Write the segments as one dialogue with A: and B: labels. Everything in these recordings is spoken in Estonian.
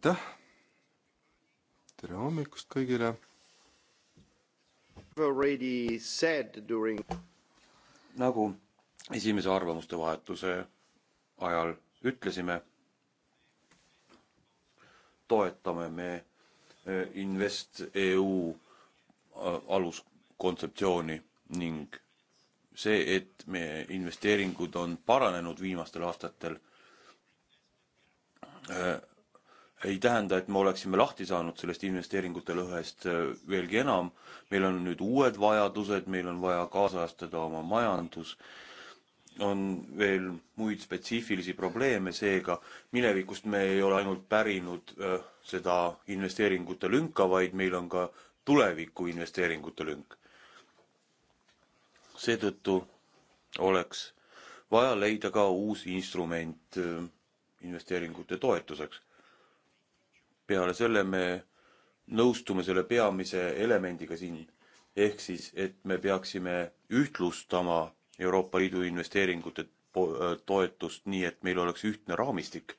A: aitäh. tere hommikust kõigile.
B: During... nagu
C: esimese arvamuste vahetuse ajal ütlesime, toetame me e, Invest EU e, aluskontseptsiooni ning see, et meie investeeringud on paranenud viimastel aastatel, e, ei tähenda, et me oleksime lahti saanud sellest investeeringute lõhest äh, veelgi enam. meil on nüüd uued vajadused, meil on vaja kaasajastada oma majandus, on veel muid spetsiifilisi probleeme, seega minevikust me ei ole ainult pärinud äh, seda investeeringute lünka, vaid meil on ka tuleviku investeeringute lünk. seetõttu oleks vaja leida ka uus instrument äh, investeeringute toetuseks peale selle me nõustume selle peamise elemendiga siin, ehk siis, et me peaksime ühtlustama Euroopa Liidu investeeringute äh, toetust nii, et meil oleks ühtne raamistik,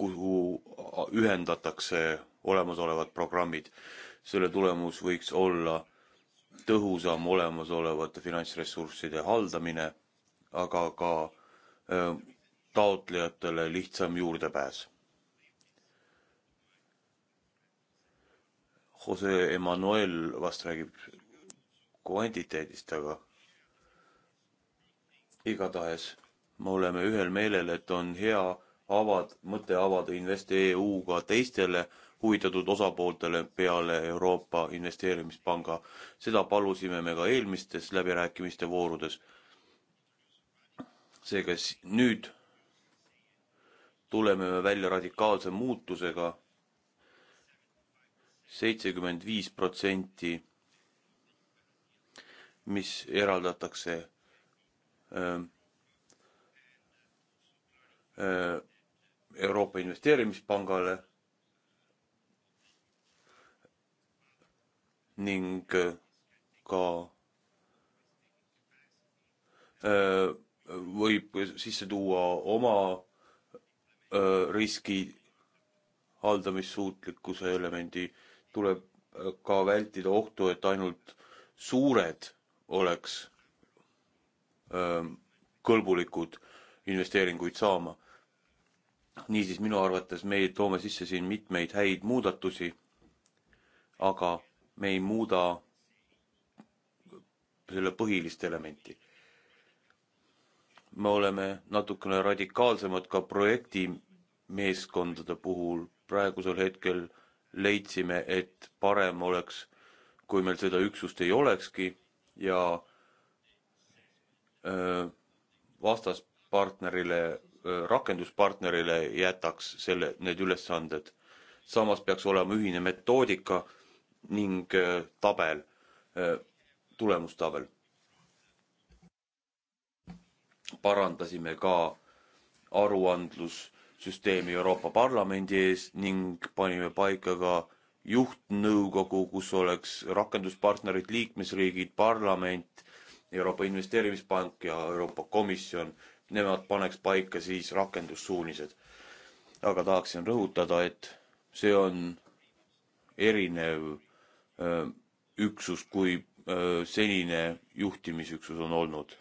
C: kuhu ühendatakse olemasolevad programmid. selle tulemus võiks olla tõhusam olemasolevate finantsressursside haldamine, aga ka öö, äh, taotlejatele lihtsam juurdepääs. Jose Emmanuel vast räägib kvantiteedist, aga igatahes me oleme ühel meelel, et on hea avad, mõte avada InvestEU ka teistele huvitatud osapooltele peale Euroopa Investeerimispanga. seda palusime me ka eelmistes läbirääkimiste voorudes. seega nüüd tuleme me välja radikaalse muutusega. seitsekümmend viis protsenti, mis eraldatakse öö, ähm, öö, äh, Euroopa Investeerimispangale ning äh, ka öö, äh, võib sisse tuua oma Äh, riski haldamissuutlikkuse elemendi, tuleb äh, ka vältida ohtu, et ainult suured oleks ähm, kõlbulikud investeeringuid saama. niisiis, minu arvates me toome sisse siin mitmeid häid muudatusi, aga me ei muuda selle põhilist elementi. me oleme natukene radikaalsemad ka projekti meeskondade puhul. praegusel hetkel leidsime, et parem oleks, kui meil seda üksust ei olekski ja vastaspartnerile, rakenduspartnerile jätaks selle, need ülesanded. samas peaks olema ühine metoodika ning tabel, tulemustabel. parandasime ka aruandlus süsteemi Euroopa Parlamendi ees ning panime paika ka juhtnõukogu, kus oleks rakenduspartnerid, liikmesriigid, parlament, Euroopa Investeerimispank ja Euroopa Komisjon. Nemad paneks paika siis rakendussuunised. aga tahaksin rõhutada, et see on erinev öö, üksus, kui öö, senine juhtimisüksus on olnud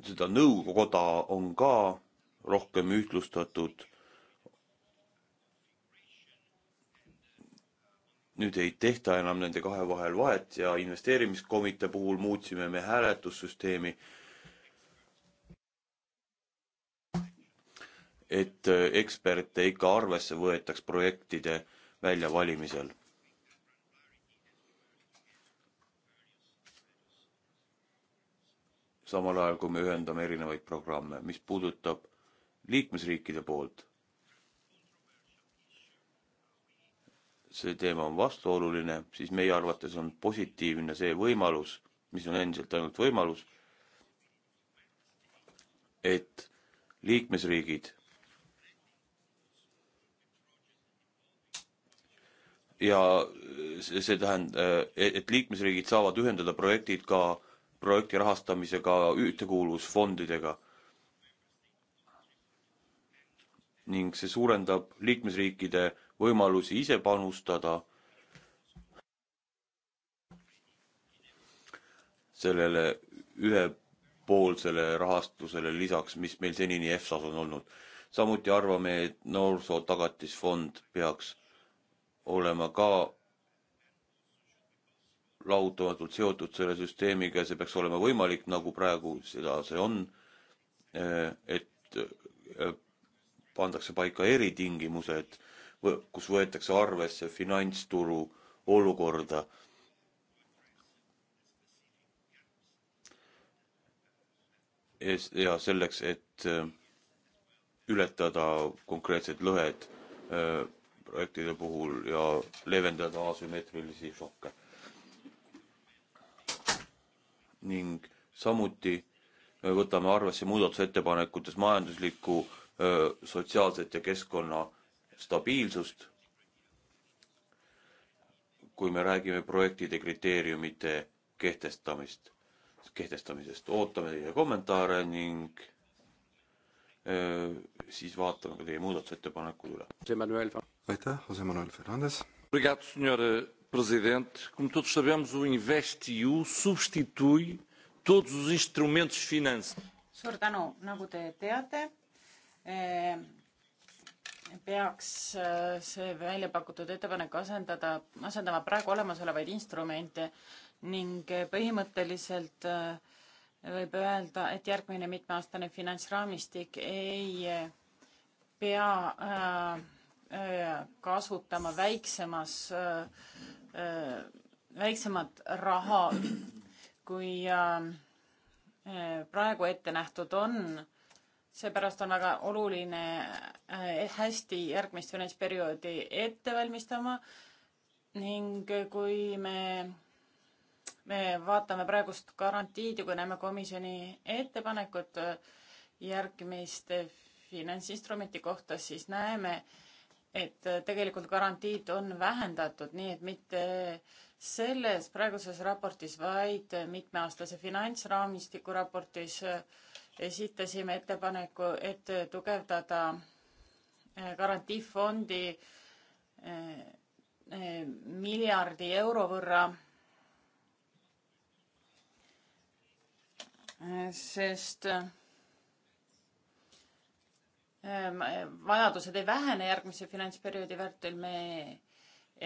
C: seda nõukoda on ka rohkem ühtlustatud. nüüd ei tehta enam nende kahe vahel vahet ja investeerimiskomitee puhul muutsime me hääletussüsteemi. et eksperte ikka arvesse võetaks projektide väljavalimisel samal ajal kui me ühendame erinevaid programme, mis puudutab liikmesriikide poolt. see teema on vastuoluline, siis meie arvates on positiivne see võimalus, mis on endiselt ainult võimalus, et liikmesriigid ja see tähendab, et liikmesriigid saavad ühendada projektid ka äh, projekti rahastamisega ühtekuuluvusfondidega. ning see suurendab liikmesriikide võimalusi ise panustada sellele ühepoolsele rahastusele lisaks, mis meil senini EFSA-s on olnud. samuti arvame, et noorsootagatisfond peaks olema ka lahutamatult seotud selle süsteemiga ja see peaks olema võimalik, nagu praegu seda see on, eh, et eh, pandakse paika eritingimused, kus võetakse arvesse finantsturu olukorda. ja selleks, et eh, ületada konkreetsed lõhed projektide puhul ja leevendada asümmeetrilisi šokke ning samuti võtame arvesse muudatusettepanekutes majanduslikku, sotsiaalset ja keskkonna stabiilsust, kui me räägime projektide kriteeriumite kehtestamist, kehtestamisest. ootame teie kommentaare ning öö, siis vaatame ka teie muudatusettepanekud üle. aitäh, Jose Manuel Fernandez. Presidente. Como todos sabemos, o InvestEU substitui todos os instrumentos finance.
D: suur tänu, nagu te teate, eh, peaks eh, see välja pakutud ettepanek asendada, asendama praegu olemasolevaid instrumente ning eh, põhimõtteliselt võib öelda, et järgmine mitmeaastane finantsraamistik ei pea äh, kasutama väiksemas, äh, äh, väiksemat raha, kui äh, praegu ette nähtud on. seepärast on väga oluline hästi järgmist finantsperioodi ette valmistama ning kui me, me vaatame praegust garantiid ja kui näeme komisjoni ettepanekut järgmiste finantsinstrumenti kohta, siis näeme, et äh, tegelikult garantiid on vähendatud, nii et mitte selles praeguses raportis, vaid mitmeaastase finantsraamistiku raportis äh, esitasime ettepaneku, et tugevdada äh, garantiifondi miljardi euro võrra. sest Ehm, vajadused ei vähene järgmise finantsperioodi vältel, me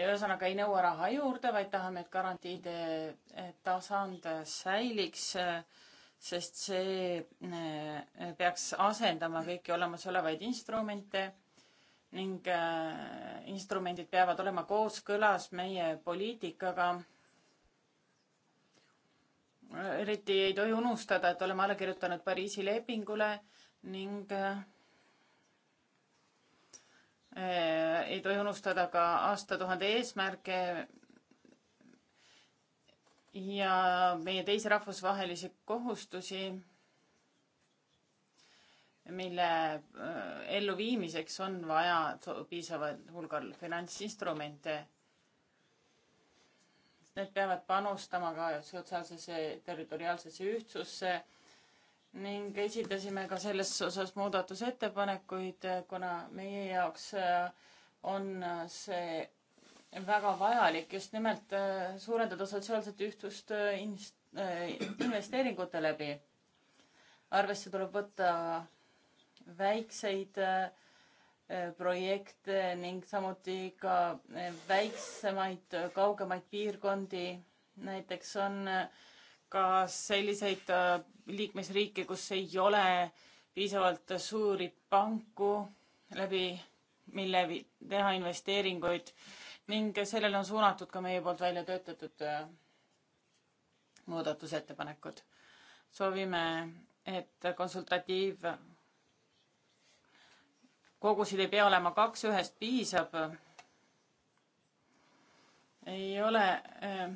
D: ühesõnaga ei nõua raha juurde, vaid tahame, et garantiide eh, tasand säiliks, eh, sest see eh, peaks asendama kõiki olemasolevaid instrumente ning instrumendid peavad olema kooskõlas meie poliitikaga. eriti ei tohi unustada, et oleme alla kirjutanud Pariisi lepingule ning Äh, ei tohi unustada ka aastatuhande eesmärke ja meie teisi rahvusvahelisi kohustusi, mille äh, elluviimiseks on vaja piisaval hulgal finantsinstrumente. Need peavad panustama ka sotsiaalsesse territoriaalsesse ühtsusse ning esitasime ka selles osas muudatusettepanekuid, kuna meie jaoks äh, on äh, see väga vajalik just nimelt äh, suurendada sotsiaalset ühtsust investeeringute läbi. arvesse tuleb võtta väikseid projekte ning samuti ka väiksemaid, kaugemaid piirkondi. näiteks on äh, ka selliseid äh, liikmesriike, kus ei ole piisavalt suuri panku, läbi mille teha investeeringuid ning sellele on suunatud ka meie poolt välja töötatud äh, muudatusettepanekud. soovime, et konsultatiiv kogusid ei pea olema kaks, ühest piisab. ei ole äh,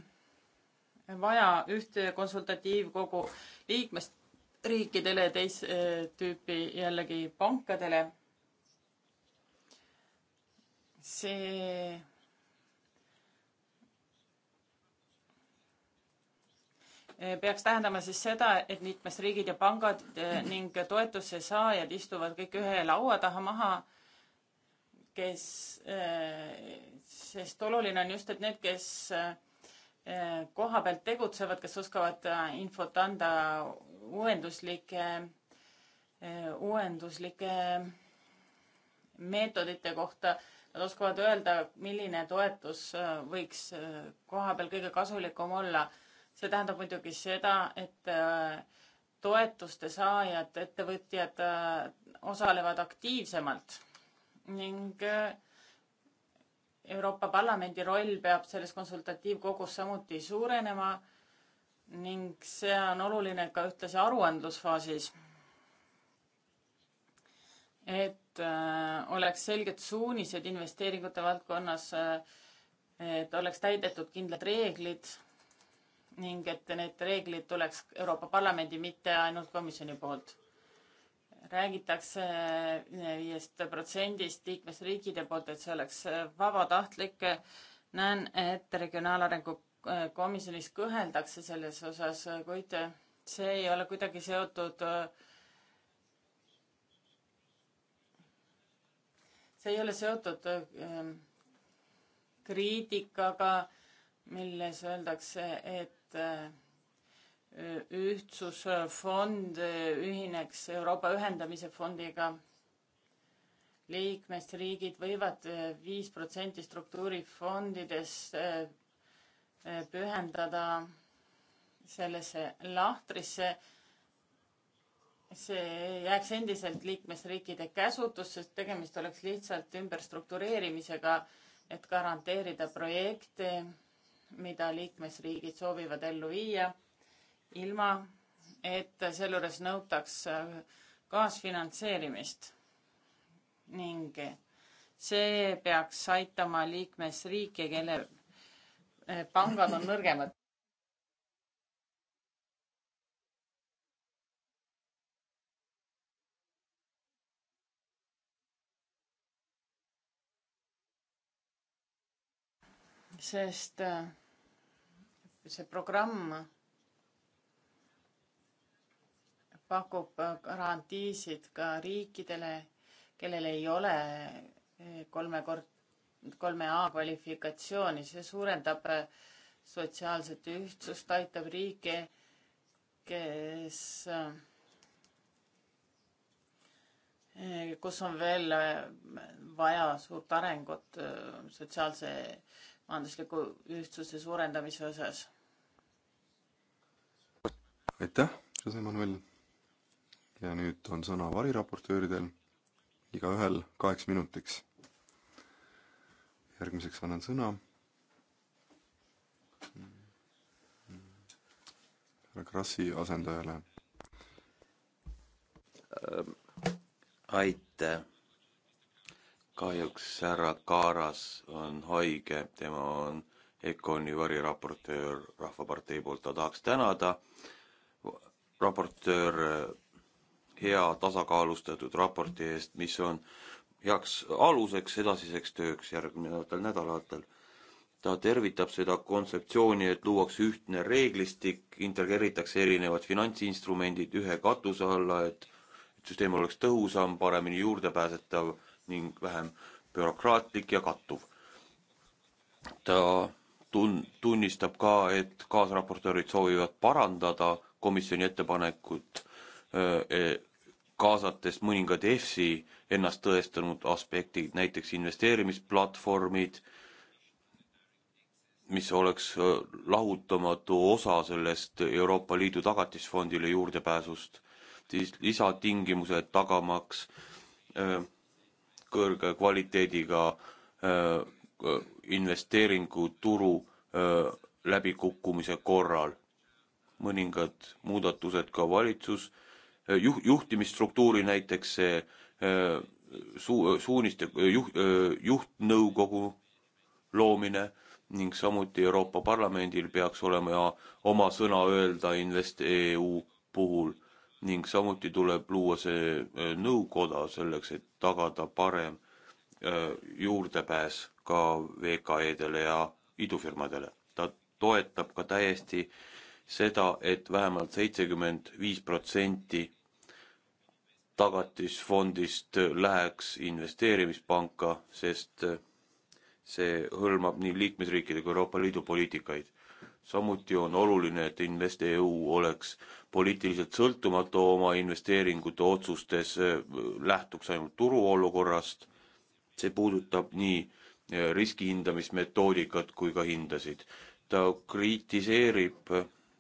D: vaja ühte konsultatiivkogu liikmesriikidele ja teist e, tüüpi jällegi pankadele. see e, peaks tähendama siis seda, et liikmesriigid ja pangad e, ning toetuse saajad istuvad kõik ühe laua taha maha, kes, sest oluline on just, et need, kes kohapealt tegutsevad, kes oskavad äh, infot anda uuenduslike, äh, uuenduslike meetodite kohta. Nad oskavad öelda, milline toetus äh, võiks kohapeal kõige kasulikum olla. see tähendab muidugi seda, et toetuste saajad, ettevõtjad osalevad aktiivsemalt ning äh, Euroopa Parlamendi roll peab selles konsultatiivkogus samuti suurenema ning see on oluline ka ühtlasi aruandlusfaasis. et äh, oleks selged suunised investeeringute valdkonnas äh,, et oleks täidetud kindlad reeglid ning et need reeglid tuleks Euroopa Parlamendi, mitte ainult komisjoni poolt räägitakse äh, viiest protsendist liikmesriikide poolt, et see oleks äh, vabatahtlik. näen, et Regionaalarengu äh, Komisjonis kõheldakse selles osas, kuid see ei ole kuidagi seotud see ei ole seotud kriitikaga, milles öeldakse, et ühtsusfond ühineks Euroopa ühendamise fondiga. liikmesriigid võivad viis protsenti struktuurifondidest eh, eh, pühendada sellesse lahtrisse. see jääks endiselt liikmesriikide käsutusse, sest tegemist oleks lihtsalt ümberstruktureerimisega, et garanteerida projekte, mida liikmesriigid soovivad ellu viia ilma et sealjuures nõutaks äh, kaasfinantseerimist ning see peaks aitama liikmesriike, kelle äh, pangad on nõrgemad. sest äh, see programm pakub äh, garantiisid ka riikidele, kellel ei ole äh, kolmekord, kolme A kvalifikatsiooni, see suurendab äh, sotsiaalset ühtsust, aitab riike, kes, kus on veel vaja suurt arengut sotsiaalse majandusliku ühtsuse suurendamise osas.
A: aitäh, Jose Manuel ja nüüd on sõna variraportööridel, igaühel kaheks minutiks. järgmiseks annan sõna härra Krassi asendajale ähm,.
C: aitäh. kahjuks härra Kaaras on haige, tema on EKONi variraportöör Rahvapartei poolt, ta tahaks tänada raportöör hea tasakaalustatud raporti eest, mis on heaks aluseks edasiseks tööks järgnevatel nädalatel. ta tervitab seda kontseptsiooni, et luuakse ühtne reeglistik, integreeritakse erinevad finantsinstrumendid ühe katuse alla, et süsteem oleks tõhusam, paremini juurdepääsetav ning vähem bürokraatlik ja kattuv. ta tun-, tunnistab ka, et kaasraportöörid soovivad parandada komisjoni ettepanekut öö, e-, kaasates mõningad EFSI ennast tõestanud aspektid, näiteks investeerimisplatvormid, mis oleks lahutamatu osa sellest Euroopa Liidu tagatisfondile juurdepääsust, siis lisatingimused tagamaks kõrge kvaliteediga investeeringuturu läbikukkumise korral. mõningad muudatused ka valitsus Äh, juh-, juhtimisstruktuuri näiteks see äh, su-, äh, suuniste juht, juhtnõukogu loomine ning samuti Euroopa Parlamendil peaks olema oma sõna öelda InvestEU puhul ning samuti tuleb luua see nõukoda selleks, et tagada parem juurdepääs ka VKE-dele ja idufirmadele. ta toetab ka täiesti seda et, et vähemalt seitsekümmend viis protsenti tagatisfondist läheks investeerimispanka, sest eh, see hõlmab nii liikmesriikide kui Euroopa Liidu poliitikaid. samuti on oluline, et InvestEU oleks poliitiliselt sõltumatu oma investeeringute otsustes, eh, lähtuks ainult turuolukorrast, see puudutab nii eh, riskihindamismetoodikat kui ka hindasid. ta kritiseerib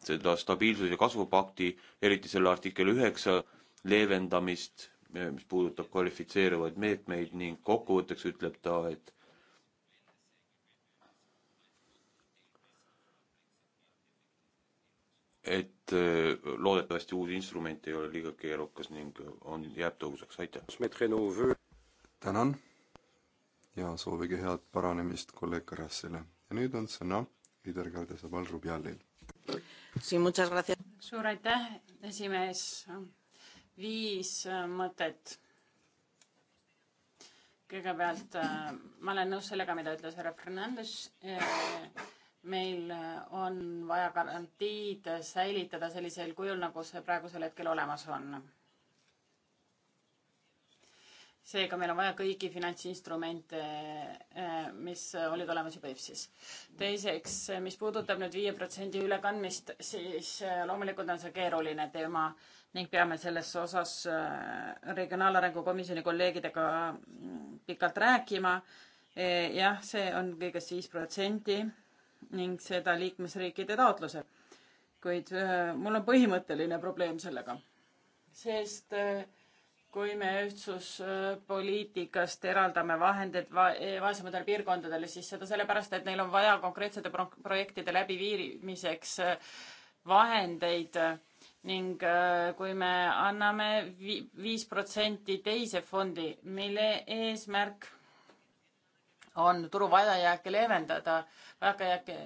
C: seda stabiilsuse ja kasvupakti, eriti selle artikkel üheksa leevendamist, eh, mis puudutab kvalifitseeruvaid meetmeid ning kokkuvõtteks ütleb ta, et et eh, loodetavasti uus instrument ei ole liiga keerukas ning on, jääb tõhusaks, aitäh.
A: tänan ja soovige head paranemist kolleeg Karasile. ja nüüd on sõna Lidergarde Sabal Rubialil.
D: suur aitäh, esimees viis äh, mõtet. kõigepealt äh, ma olen nõus sellega, mida ütles härra Fernandes. Äh, meil on vaja garantiid säilitada sellisel kujul, nagu see praegusel hetkel olemas on seega meil on vaja kõiki finantsinstrumente, eh, mis olid olemas juba EFSis. teiseks, eh, mis puudutab nüüd viie protsendi ülekandmist, siis eh, loomulikult on see keeruline teema ning peame selles osas Regionaalarengu Komisjoni kolleegidega mm, pikalt rääkima. jah, see on kõigest viis protsenti ning seda liikmesriikide taotlusel. kuid mul on põhimõtteline probleem sellega, sest äh, kui me ühtsuspoliitikast eraldame vahendeid va-, vaesematele piirkondadele, siis seda sellepärast, et neil on vaja konkreetsete pro-, projektide läbiviimiseks äh, vahendeid ning äh, kui me anname vi-, viis protsenti teise fondi, mille eesmärk on turu vajajääke leevendada, vajajääke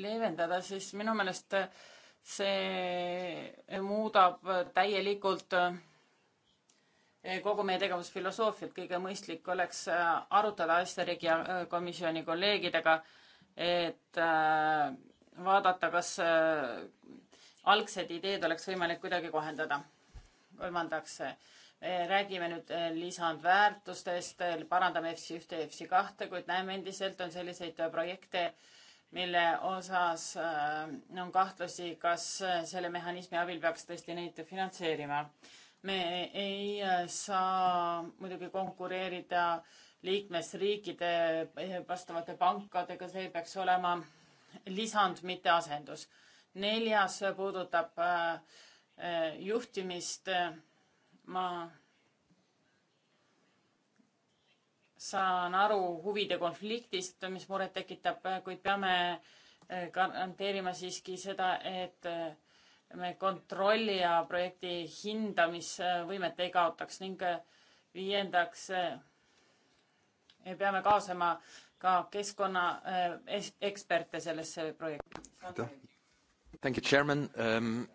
D: leevendada, siis minu meelest see muudab täielikult äh, Eh, kogu meie tegevusfilosoofiat, kõige mõistlik oleks eh, arutada asja riigikomisjoni eh, kolleegidega, et vaadata, kas algsed ideed oleks võimalik kuidagi kohendada. kolmandaks, räägime nüüd lisandväärtustest, parandame FC ühte ja FC kahte, kuid näeme endiselt on selliseid projekte, mille osas on kahtlusi, kas selle mehhanismi abil peaks tõesti neid finantseerima me ei saa muidugi konkureerida liikmesriikide eh, vastavate pankadega, see peaks olema lisand, mitte asendus. neljas puudutab eh, eh, juhtimist. ma saan aru huvide konfliktist, mis muret tekitab, kuid peame garanteerima siiski seda, et me kontrolli ja projekti hindamisvõimet ei kaotaks ning äh, viiendaks äh, me peame kaasama ka keskkonnaeksperte äh, sellesse projekti.
E: Thank you, chairman
C: um,.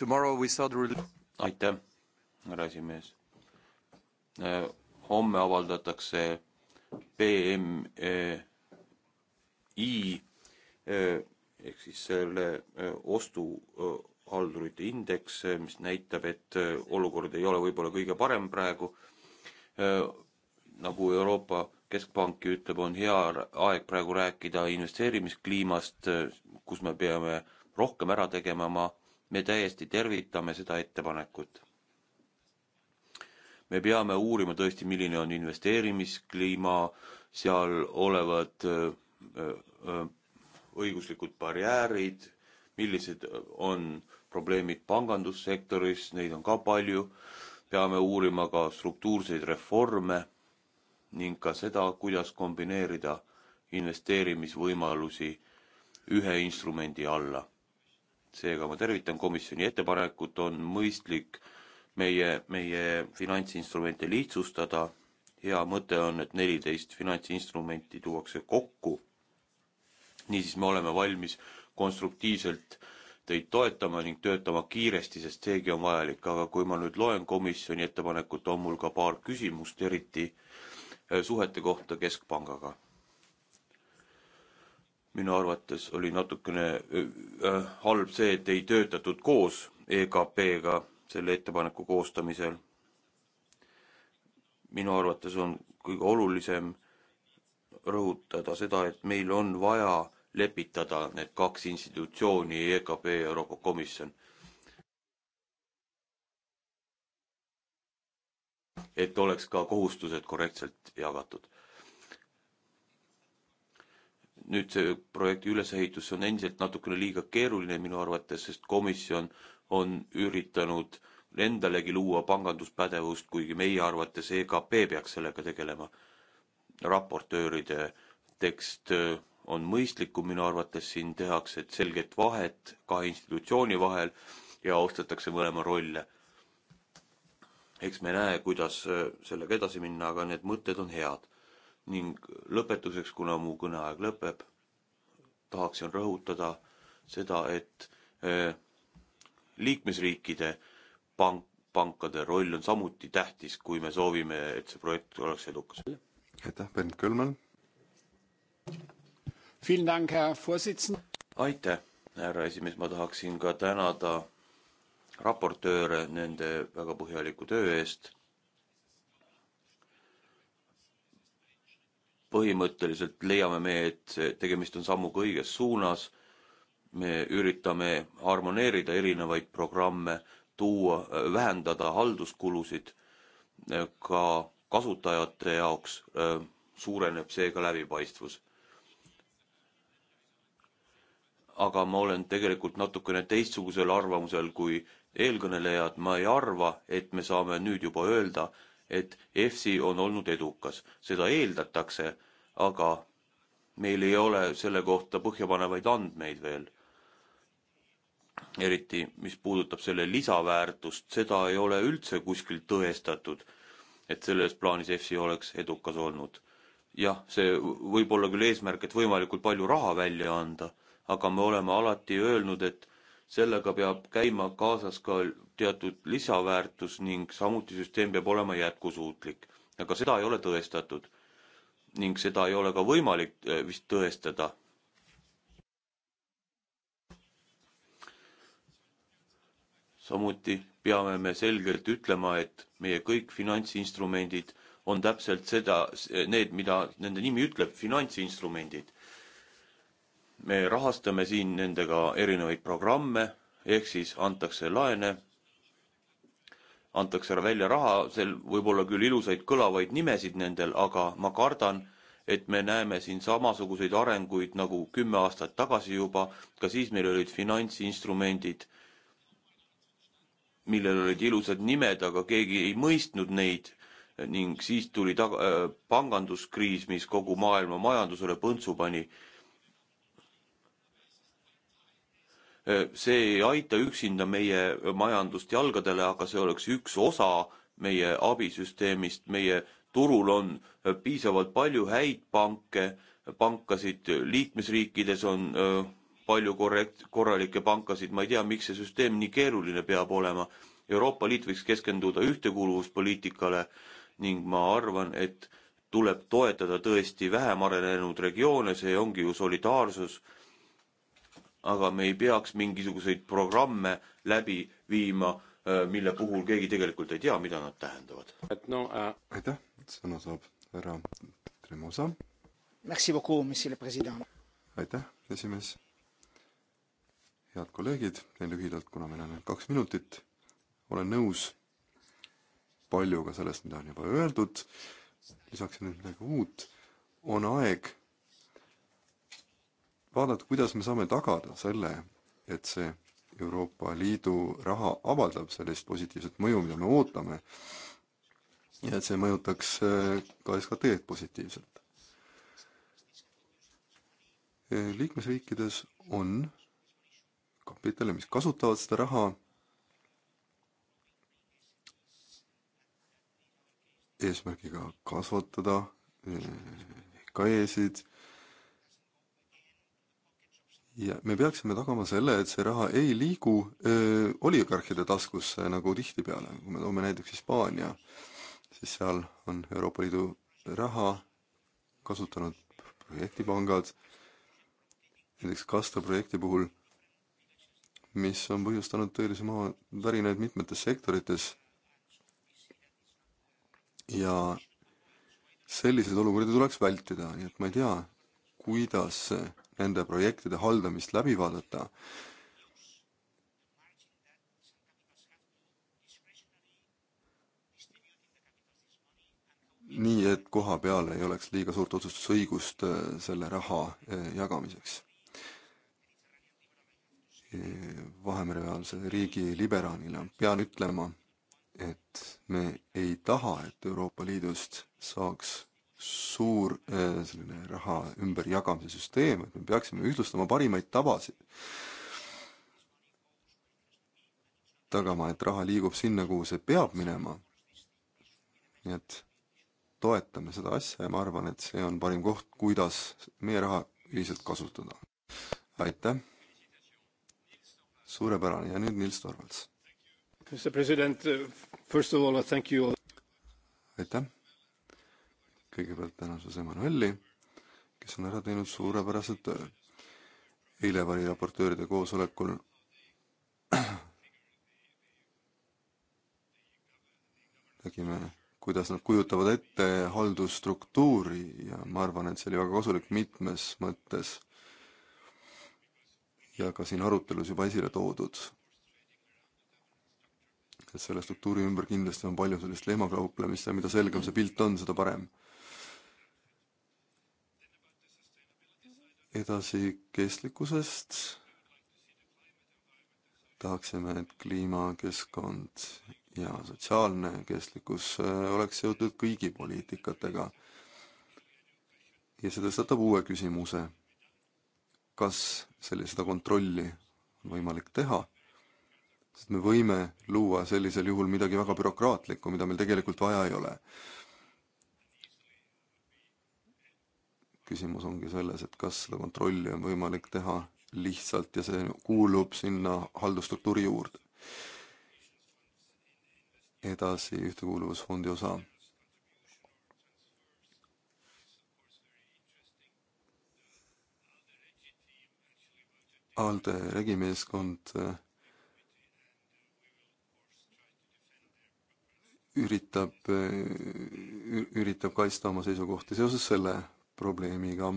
C: Tomorrow we saw the aitäh, härra esimees. Uh, homme avaldatakse BMI ehk siis selle äh, ostuhaldurite äh, indeks, äh, mis näitab, et olukord ei ole võib-olla kõige parem praegu. nagu Euroopa Keskpank ütleb, on hea aeg praegu rääkida investeerimiskliimast, kus me peame rohkem ära tegema, ma, me täiesti tervitame seda ettepanekut. me peame uurima tõesti, milline on investeerimiskliima, seal olevad öö, öö, õiguslikud barjäärid, millised on probleemid pangandussektoris, neid on ka palju, peame uurima ka struktuurseid reforme ning ka seda, kuidas kombineerida investeerimisvõimalusi ühe instrumendi alla. seega ma tervitan komisjoni ettepanekut, on mõistlik meie, meie finantsinstrumente lihtsustada, hea mõte on, et neliteist finantsinstrumenti tuuakse kokku niisiis, me oleme valmis konstruktiivselt teid toetama ning töötama kiiresti, sest seegi on vajalik, aga kui ma nüüd loen komisjoni ettepanekut, on mul ka paar küsimust, eriti äh, suhete kohta Keskpangaga. minu arvates oli natukene äh, äh, halb see, et ei töötatud koos EKP-ga selle ettepaneku koostamisel. minu arvates on kõige olulisem rõhutada seda, et meil on vaja lepitada need kaks institutsiooni, EKP ja Euroopa Komisjon. et oleks ka kohustused korrektselt jagatud. nüüd see projekti ülesehitus on endiselt natukene liiga keeruline minu arvates, sest komisjon on üritanud endalegi luua panganduspädevust, kuigi meie arvates EKP peaks sellega tegelema. raportööride tekst on mõistlikum minu arvates siin tehakse selget vahet kahe institutsiooni vahel ja austatakse mõlema rolle. eks me näe, kuidas äh, sellega edasi minna, aga need mõtted on head. ning lõpetuseks, kuna mu kõneaeg lõpeb, tahaksin rõhutada seda, et äh, liikmesriikide pank, pankade roll on samuti tähtis, kui me soovime, et see projekt oleks edukas. aitäh, Bernt Kölmel! aitäh, härra esimees, ma tahaksin ka tänada raportööre nende väga põhjaliku töö eest. põhimõtteliselt leiame me, et tegemist on sammuga õiges suunas. me üritame harmoneerida erinevaid programme, tuua, vähendada halduskulusid ka kasutajate jaoks äh, suureneb seega läbipaistvus aga ma olen tegelikult natukene teistsugusel arvamusel kui eelkõnelejad, ma ei arva, et me saame nüüd juba öelda, et EFSI on olnud edukas, seda eeldatakse, aga meil ei ole selle kohta põhjapanevaid andmeid veel. eriti, mis puudutab selle lisaväärtust, seda ei ole üldse kuskil tõestatud, et selles plaanis EFSI oleks edukas olnud. jah, see võib olla küll eesmärk, et võimalikult palju raha välja anda aga me oleme alati öelnud, et sellega peab käima kaasas ka teatud lisaväärtus ning samuti süsteem peab olema jätkusuutlik. aga seda ei ole tõestatud ning seda ei ole ka võimalik eh, vist tõestada. samuti peame me selgelt ütlema, et meie kõik finantsinstrumendid on täpselt seda, need, mida nende nimi ütleb, finantsinstrumendid me rahastame siin nendega erinevaid programme, ehk siis antakse laene, antakse välja raha, seal võib olla küll ilusaid kõlavaid nimesid nendel, aga ma kardan, et me näeme siin samasuguseid arenguid nagu kümme aastat tagasi juba, ka siis meil olid finantsinstrumendid, millel olid ilusad nimed, aga keegi ei mõistnud neid ning siis tuli taga, äh, panganduskriis, mis kogu maailma majandusele põntsu pani see ei aita üksinda meie majandust jalgadele, aga see oleks üks osa meie abisüsteemist, meie turul on piisavalt palju häid panke, pankasid, liikmesriikides on palju korrekt-, korralikke pankasid, ma ei tea, miks see süsteem nii keeruline peab olema. Euroopa Liit võiks keskenduda ühtekuuluvuspoliitikale ning ma arvan, et tuleb toetada tõesti vähem arenenud regioone, see ongi ju solidaarsus aga me ei peaks mingisuguseid programme läbi viima, äh, mille puhul keegi tegelikult ei tea, mida nad tähendavad.
B: et no äh...
A: aitäh, sõna saab härra Tremosa. aitäh, esimees. head kolleegid, teen lühidalt, kuna meil on ainult kaks minutit. olen nõus paljuga sellest, mida on juba öeldud. lisaksin nüüd midagi uut. on aeg vaadata, kuidas me saame tagada selle, et see Euroopa Liidu raha avaldab sellist positiivset mõju, mida me ootame. ja et see mõjutaks äh, ka SKT-d positiivselt. Äh, liikmesriikides on kapitale, mis kasutavad seda raha. eesmärgiga kasvatada äh, ka EKE-sid ja me peaksime tagama selle, et see raha ei liigu öö, oligarhide taskusse nagu tihtipeale, kui me toome näiteks Hispaania, siis seal on Euroopa Liidu raha kasutanud projektipangad, näiteks Kasta projekti puhul, mis on põhjustanud tõelisi maavärinaid mitmetes sektorites ja selliseid olukordi tuleks vältida, nii et ma ei tea, kuidas nende projektide haldamist läbi vaadata. nii et koha peal ei oleks liiga suurt otsustusõigust äh, selle raha äh, jagamiseks. Vahemerealse riigi liberaanile pean ütlema, et me ei taha, et Euroopa Liidust saaks suur äh, selline raha ümberjagamise süsteem, et me peaksime ühtlustama parimaid tavasid. tagama, et raha liigub sinna, kuhu see peab minema. nii et toetame seda asja ja ma arvan, et see on parim koht, kuidas meie raha ühiselt kasutada. aitäh. suurepärane ja nüüd Nils Torvalds.
B: Mr President, uh, first of all I thank you all.
A: aitäh kõigepealt tänasuse Emanuelli, kes on ära teinud suurepärase töö. eile variraportööride koosolekul nägime, kuidas nad kujutavad ette haldusstruktuuri ja ma arvan, et see oli väga kasulik mitmes mõttes. ja ka siin arutelus juba esile toodud et selle struktuuri ümber kindlasti on palju sellist lehmakauplemist ja mida selgem see pilt on, seda parem. edasi kestlikkusest. tahaksime, et kliima, keskkond ja sotsiaalne kestlikkus äh, oleks seotud kõigi poliitikatega. ja see tõstatab uue küsimuse. kas selle, seda kontrolli on võimalik teha? sest me võime luua sellisel juhul midagi väga bürokraatlikku, mida meil tegelikult vaja ei ole küsimus ongi selles, et kas seda kontrolli on võimalik teha lihtsalt ja see kuulub sinna haldusstruktuuri juurde. edasi Ühtekuuluvusfondi osa. ALDE regimeeskond üritab, üritab kaitsta oma seisukohti seoses selle probleemiga.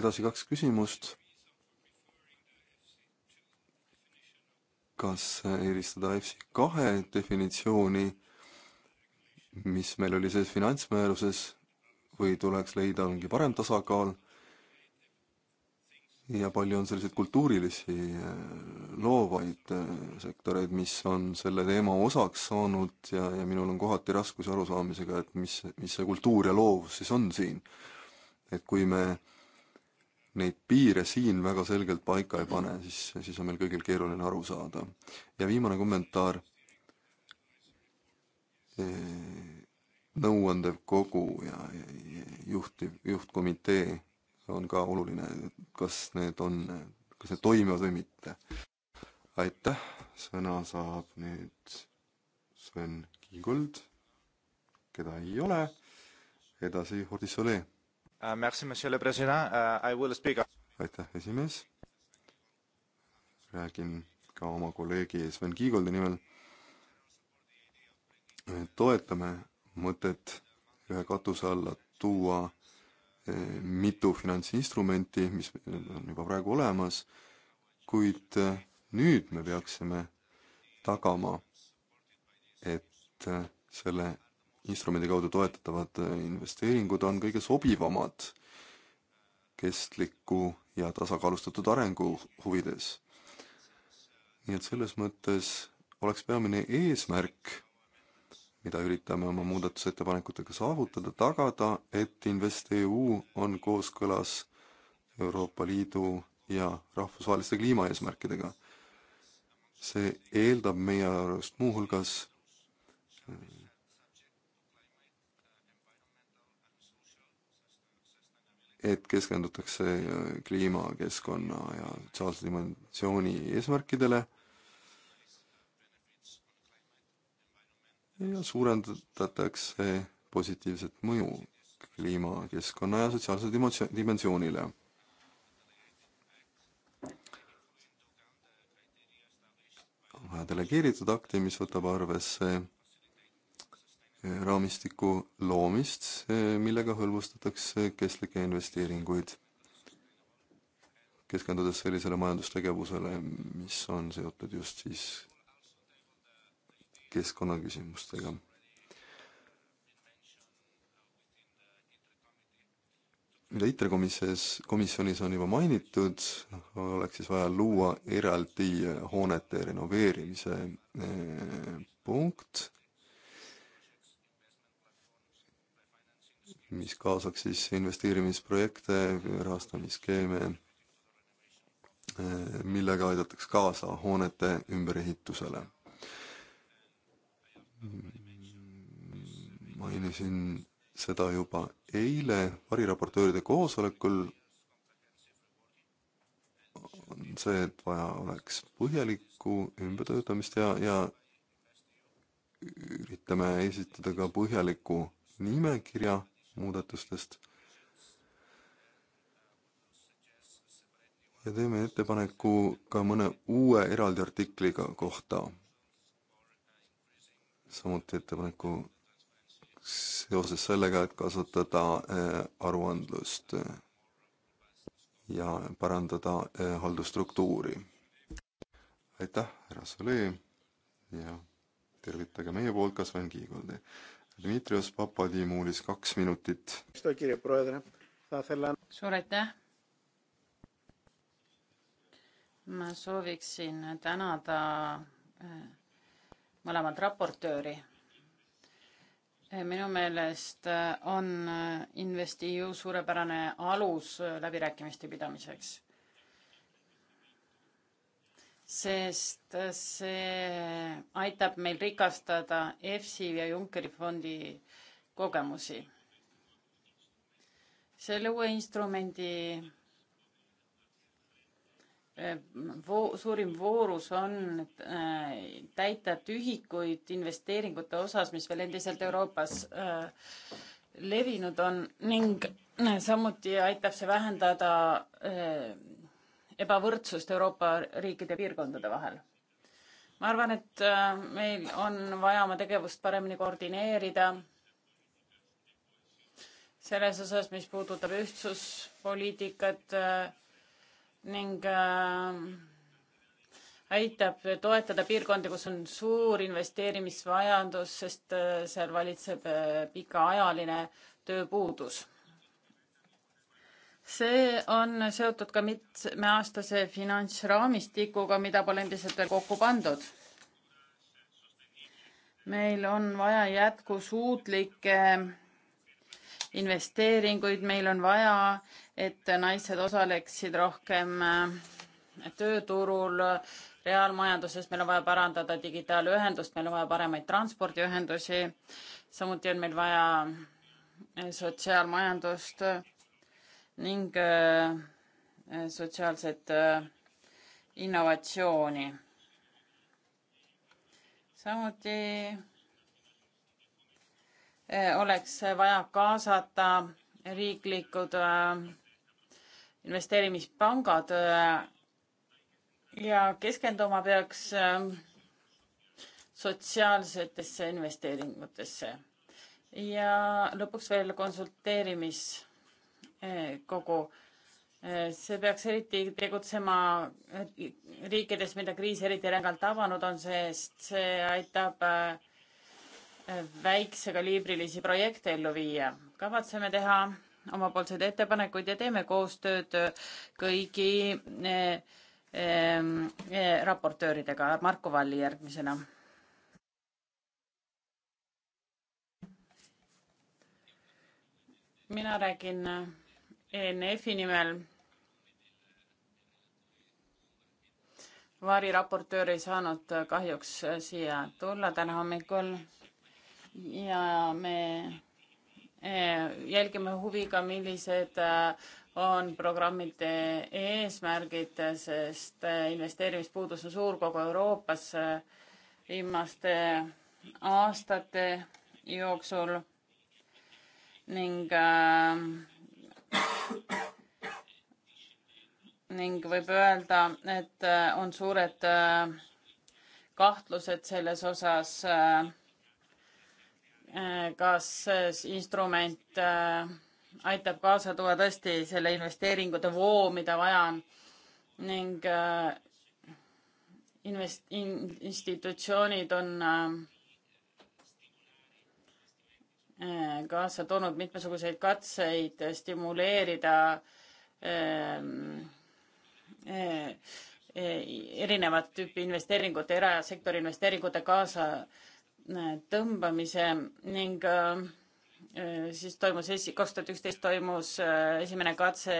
A: edasi kaks küsimust. kas eristada EFSI kahe definitsiooni, mis meil oli sees finantsmääruses, või tuleks leida mingi parem tasakaal ja palju on selliseid kultuurilisi äh, loovaid äh, sektoreid, mis on selle teema osaks saanud ja, ja minul on kohati raskusi arusaamisega, et mis, mis see kultuur ja loovus siis on siin. et kui me neid piire siin väga selgelt paika ei pane, siis, siis on meil kõigil keeruline aru saada. ja viimane kommentaar. nõuandev kogu ja, ja juhtiv, juhtkomitee on ka oluline, kas need on, kas need toimivad või mitte. aitäh, sõna saab nüüd Sven Kiigold, keda ei ole, edasi Hordi Solee.
B: Uh, uh,
A: aitäh, esimees. räägin ka oma kolleegi Sven Kiigoldi nimel. toetame mõtet ühe katuse alla tuua mitu finantsinstrumenti, mis on juba praegu olemas, kuid äh, nüüd me peaksime tagama, et äh, selle instrumendi kaudu toetatavad äh, investeeringud on kõige sobivamad kestliku ja tasakaalustatud arengu huvides. nii et selles mõttes oleks peamine eesmärk mida üritame oma muudatusettepanekutega saavutada, tagada, et InvestEU on kooskõlas Euroopa Liidu ja rahvusvaheliste kliimaeesmärkidega. see eeldab meie arust muuhulgas et keskendutakse kliima, keskkonna ja sotsiaalse dimensiooni eesmärkidele ja suurendatakse positiivset mõju kliima, keskkonna ja sotsiaalse dimensio-, dimensioonile. vaja delegeeritud akti, mis võtab arvesse eh, raamistiku loomist, eh, millega hõlbustatakse kestlikke investeeringuid, keskendudes sellisele majandustegevusele, mis on seotud just siis keskkonnaküsimustega. mida ITRE komisjonis, komisjonis on juba mainitud, noh, oleks siis vaja luua eraldi eh, hoonete renoveerimise eh, punkt, mis kaasaks siis investeerimisprojekte, rahastamisskeeme, eh, millega aidataks kaasa hoonete ümberehitusele mainisin seda juba eile variraportööride koosolekul, on see, et vaja oleks põhjalikku ümbertöötamist ja, ja üritame esitada ka põhjaliku nimekirja muudatustest. ja teeme ettepaneku ka mõne uue eraldi artikliga kohta samuti ettepaneku seoses sellega, et kasutada eh, aruandlust eh, ja parandada eh, haldusstruktuuri. aitäh, härra Solee ja tervitage meie poolt ka Sven Kiigoldi. Dmitrios Papadimulis kaks minutit.
B: suur
D: aitäh. ma sooviksin tänada mõlemat raportööri. minu meelest on InvestEU suurepärane alus läbirääkimiste pidamiseks sest see aitab meil rikastada EFSI ja Junckeri fondi kogemusi. selle uue instrumendi voo-, suurim voorus on äh, täita tühikuid investeeringute osas, mis veel endiselt Euroopas äh, levinud on ning äh, samuti aitab see vähendada ebavõrdsust Euroopa riikide piirkondade vahel. ma arvan, et meil on vaja oma tegevust paremini koordineerida selles osas, mis puudutab ühtsuspoliitikat ning äh, aitab toetada piirkondi, kus on suur investeerimisvajadus, sest äh, seal valitseb äh, pikaajaline tööpuudus. see on seotud ka mitmeaastase finantsraamistikuga, mida pole endiselt veel kokku pandud. meil on vaja jätkusuutlikke investeeringuid meil on vaja, et naised osaleksid rohkem äh, tööturul, reaalmajanduses, meil on vaja parandada digitaalühendust, meil on vaja paremaid transpordiühendusi, samuti on meil vaja äh, sotsiaalmajandust äh, ning sotsiaalset innovatsiooni. samuti Eh, oleks vaja kaasata riiklikud eh, investeerimispangad eh, ja keskenduma peaks sotsiaalsetesse investeeringutesse. ja lõpuks veel konsulteerimiskogu. see peaks eriti tegutsema riikides, mida kriis eriti rängalt avanud on, sest see aitab äh, väiksekaliibrilisi projekte ellu viia. kavatseme teha omapoolseid ettepanekuid ja teeme koostööd kõigi eh, eh, eh raportööridega. Marko Valli järgmisena. mina räägin ENF-i nimel. variraportöör ei saanud kahjuks siia tulla täna hommikul ja me eh, jälgime huviga, millised eh, on programmide eesmärgid, sest eh, investeerimispuudus on suur kogu Euroopas viimaste aastate jooksul ning äh, ning võib öelda, et on suured kahtlused selles osas äh, Eh, kas instrument eh, aitab kaasa tuua tõesti selle investeeringute voo, mida vaja on ning eh, invest-, in-, institutsioonid on kaasa toonud mitmesuguseid katseid stimuleerida erinevat tüüpi investeeringute, erasektori investeeringute kaasa tõmbamise ning äh, äh, siis toimus esi-, kaks tuhat üksteist toimus äh, esimene katse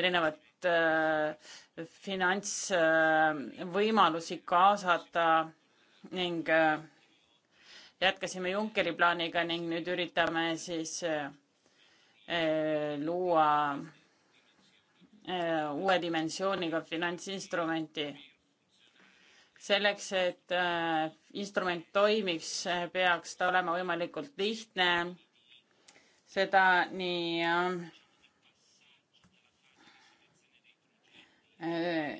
D: erinevat finantsvõimalusi kaasata ning jätkasime Junckeri plaaniga ning nüüd üritame siis luua uue dimensiooniga finantsinstrumenti selleks, et äh, instrument toimiks, äh, peaks ta olema võimalikult lihtne. seda nii äh,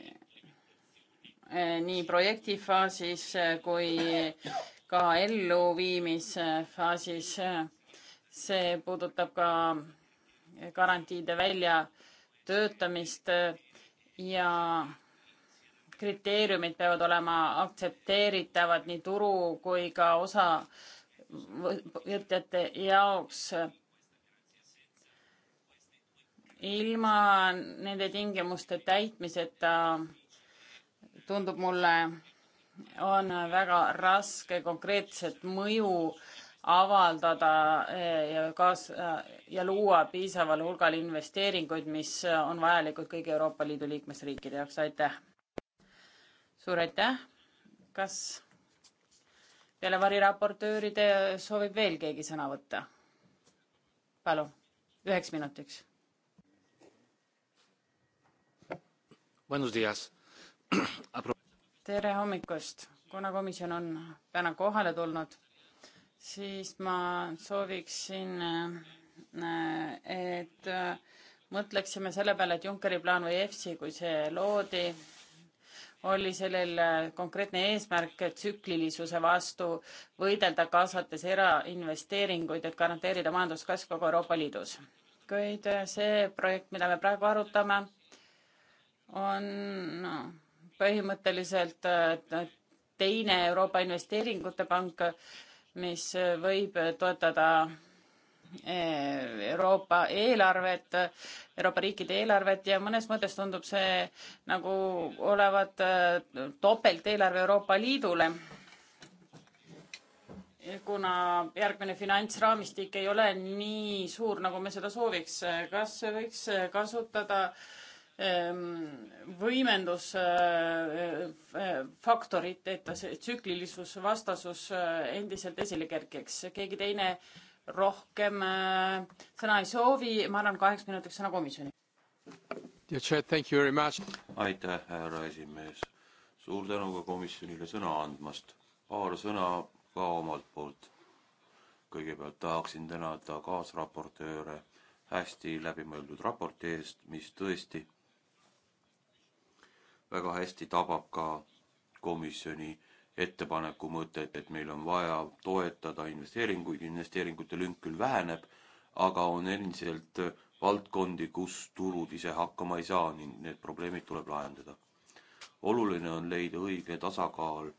D: nii projektifaasis kui ka elluviimisfaasis. see puudutab ka garantiide väljatöötamist ja kriteeriumid peavad olema aktsepteeritavad nii turu kui ka osavõtjate jaoks. ilma nende tingimuste täitmiseta tundub mulle, on väga raske konkreetset mõju avaldada eh, ja kaas- ja luua piisaval hulgal investeeringuid, mis on vajalikud kõigi Euroopa Liidu liikmesriikide jaoks, aitäh suur aitäh. kas peale variraportööride soovib veel keegi sõna võtta? palun, üheks minutiks. tere hommikust, kuna komisjon on täna kohale tulnud, siis ma sooviksin, äh, et äh, mõtleksime selle peale, et Junckeri plaan või EFSI, kui see loodi oli sellel äh, konkreetne eesmärk tsüklilisuse vastu võidelda, kaasates erainvesteeringuid, et garanteerida majanduskasv kogu Euroopa Liidus. kuid äh, see projekt, mida me praegu arutame, on no, põhimõtteliselt äh, teine Euroopa Investeeringute Pank, mis võib toetada Euroopa eelarvet, Euroopa riikide eelarvet ja mõnes mõttes tundub see nagu olevat äh, topelteelarve Euroopa Liidule. kuna järgmine finantsraamistik ei ole nii suur, nagu me seda sooviks, kas võiks kasutada ähm, võimendusfaktorit, äh, äh, et tsüklilisus, vastasus endiselt esile kerkiks. keegi teine äh, rohkem äh, sõna ei soovi, ma annan kaheks minutiks sõna komisjoni.
C: aitäh, härra esimees. suur tänu ka komisjonile sõna andmast. paar sõna ka omalt poolt. kõigepealt tahaksin tänada kaasraportööre hästi läbimõeldud raporti eest, mis tõesti väga hästi tabab ka komisjoni ettepaneku mõtet, et meil on vaja toetada investeeringuid, investeeringute lünk küll väheneb, aga on endiselt valdkondi, kus turud ise hakkama ei saa ning need probleemid tuleb lahendada. oluline on leida õige tasakaal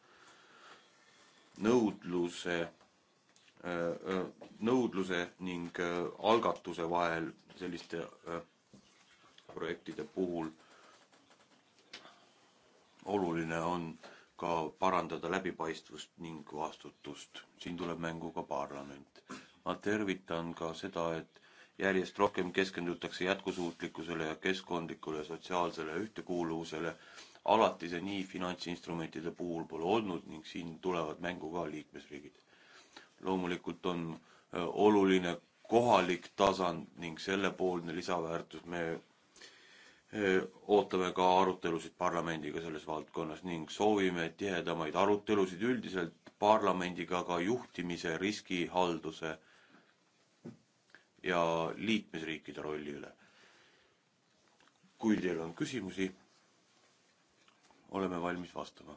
C: nõudluse, äh, äh, nõudluse ning äh, algatuse vahel selliste projektide puhul. oluline on ka parandada läbipaistvust ning vastutust. siin tuleb mängu ka parlament. ma tervitan ka seda, et järjest rohkem keskendutakse jätkusuutlikkusele ja keskkondlikule sotsiaalsele ühtekuuluvusele. alati see nii finantsinstrumentide puhul pole olnud ning siin tulevad mängu ka liikmesriigid. loomulikult on äh, oluline kohalik tasand ning sellepoolne lisaväärtus, me ootame ka arutelusid parlamendiga selles valdkonnas ning soovime tihedamaid arutelusid üldiselt parlamendiga ka juhtimise, riskihalduse ja liikmesriikide rolli üle. kui teil on küsimusi, oleme valmis vastama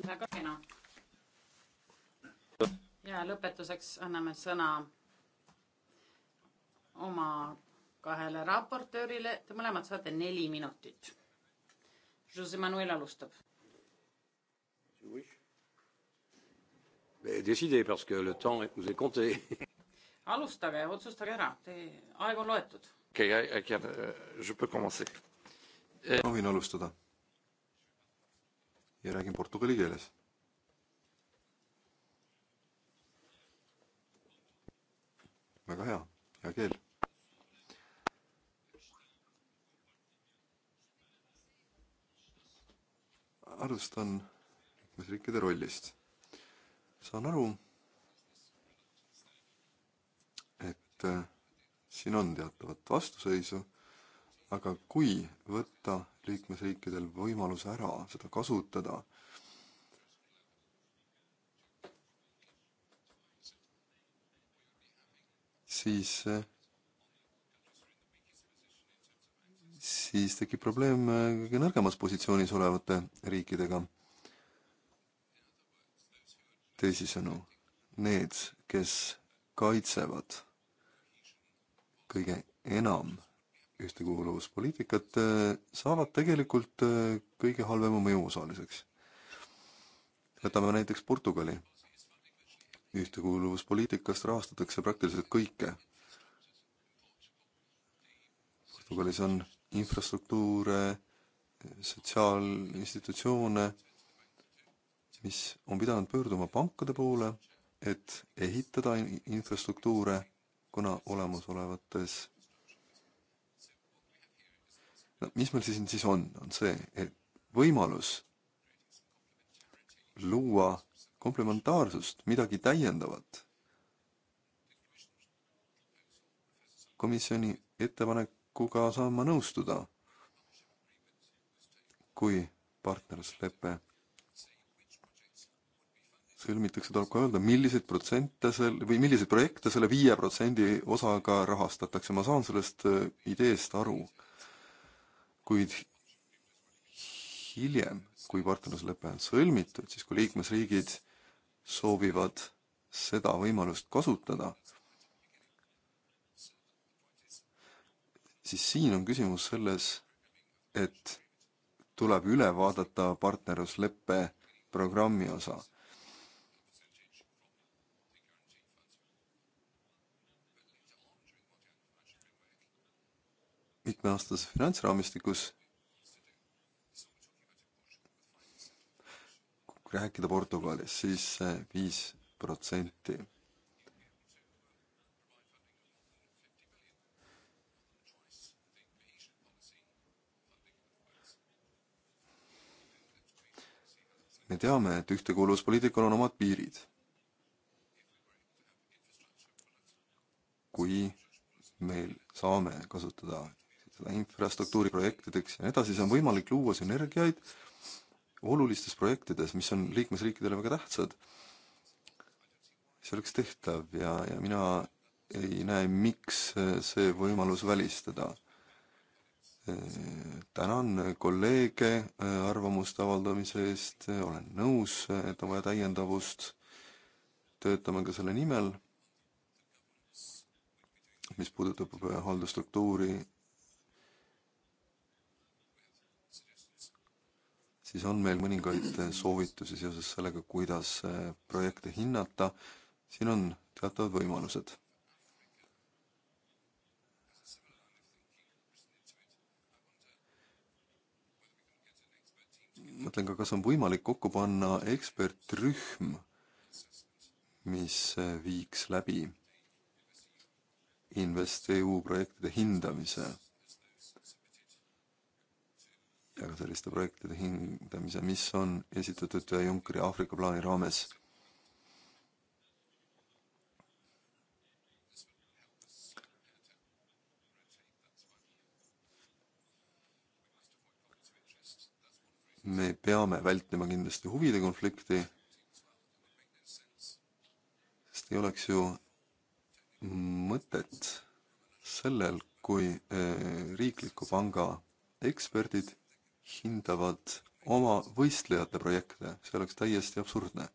D: väga kena. ja lõpetuseks anname sõna oma kahele raportöörile, te mõlemad saate neli minutit. Jose Manuel alustab. alustage, otsustage ära, teie aeg on loetud.
E: okei okay,, äkki uh,
A: ma võin alustada ja räägin portugali keeles. väga hea, hea keel. alustan liikmesriikide rollist. saan aru, et äh, siin on teatavat vastuseisu, aga kui võtta liikmesriikidel võimaluse ära seda kasutada. siis, siis tekib probleem kõige nõrgemas positsioonis olevate riikidega. teisisõnu, need, kes kaitsevad kõige enam ühtekuuluvuspoliitikat, äh, saavad tegelikult äh, kõige halvema mõju osaliseks. võtame näiteks Portugali. ühtekuuluvuspoliitikast rahastatakse praktiliselt kõike. Portugalis on infrastruktuure, sotsiaalinstitutsioone, mis on pidanud pöörduma pankade poole, et ehitada infrastruktuure, kuna olemasolevates no mis meil siin siis on, on see, et võimalus luua komplementaarsust, midagi täiendavat. komisjoni ettepanekuga saan ma nõustuda, kui partnerluslepe sõlmitakse, tuleb ka öelda, milliseid protsente seal või milliseid projekte selle viie protsendi osaga rahastatakse, ma saan sellest äh, ideest aru kuid hiljem, kui partnerluslepe on sõlmitud, siis kui liikmesriigid soovivad seda võimalust kasutada, siis siin on küsimus selles, et tuleb üle vaadata partnerlusleppe programmi osa mitmeaastases finantsraamistikus kui rääkida Portugalist, siis see viis protsenti me teame, et ühtekuuluvuspoliitikal on omad piirid. kui meil saame kasutada infrastruktuuriprojektideks ja nii edasi, siis on võimalik luua sünergiaid olulistes projektides, mis on liikmesriikidele väga tähtsad. see oleks tehtav ja, ja mina ei näe, miks see võimalus välistada. tänan kolleege arvamuste avaldamise eest, olen nõus, et on vaja täiendavust, töötame ka selle nimel mis puudutab haldusstruktuuri siis on meil mõningaid äh, soovitusi seoses sellega, kuidas äh, projekte hinnata. siin on teatavad võimalused. mõtlen ka, kas on võimalik kokku panna ekspertrühm, mis äh, viiks läbi InvestEU projektide hindamise aga selliste projektide hindamise, mis on esitatud Junckeri Aafrika plaani raames. me peame vältima kindlasti huvide konflikti, sest ei oleks ju mõtet sellel, kui eh, riikliku panga eksperdid hindavad oma võistlejate projekte, see oleks täiesti absurdne.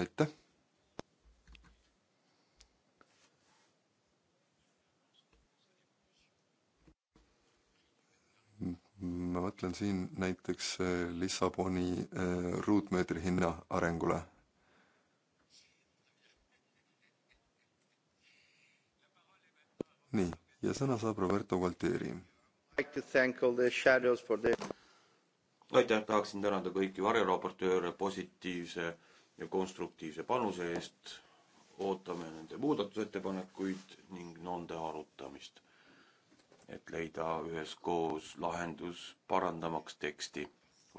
A: aitäh! mõtlen siin näiteks eh, Lissaboni eh, ruutmeetri hinna arengule. nii, ja sõna saab Roberto Gualtieri.
C: aitäh, tahaksin tänada kõiki varjeraportööre positiivse ja konstruktiivse panuse eest. ootame nende muudatusettepanekuid ning nende arutamist et leida üheskoos lahendus parandamaks teksti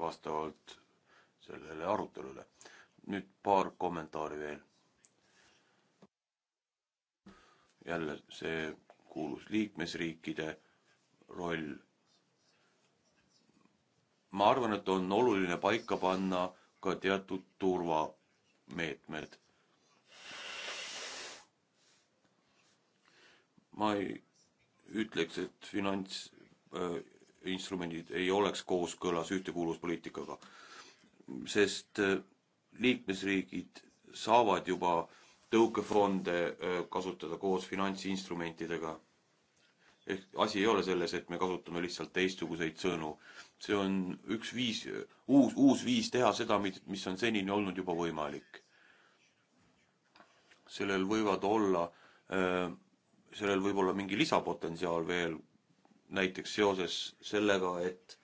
C: vastavalt sellele arutelule. nüüd paar kommentaari veel. jälle see kuulus liikmesriikide roll. ma arvan, et on oluline paika panna ka teatud turvameetmed. ma ei ütleks, et finantsinstrumendid äh, ei oleks kooskõlas ühtekuuluvuspoliitikaga. sest äh, liikmesriigid saavad juba tõukefonde äh, kasutada koos finantsinstrumentidega. ehk asi ei ole selles, et me kasutame lihtsalt teistsuguseid sõnu. see on üks viis, uus, uus viis teha seda, mis on senini olnud juba võimalik. sellel võivad olla öö, sellel võib olla mingi lisapotentsiaal veel, näiteks seoses sellega, et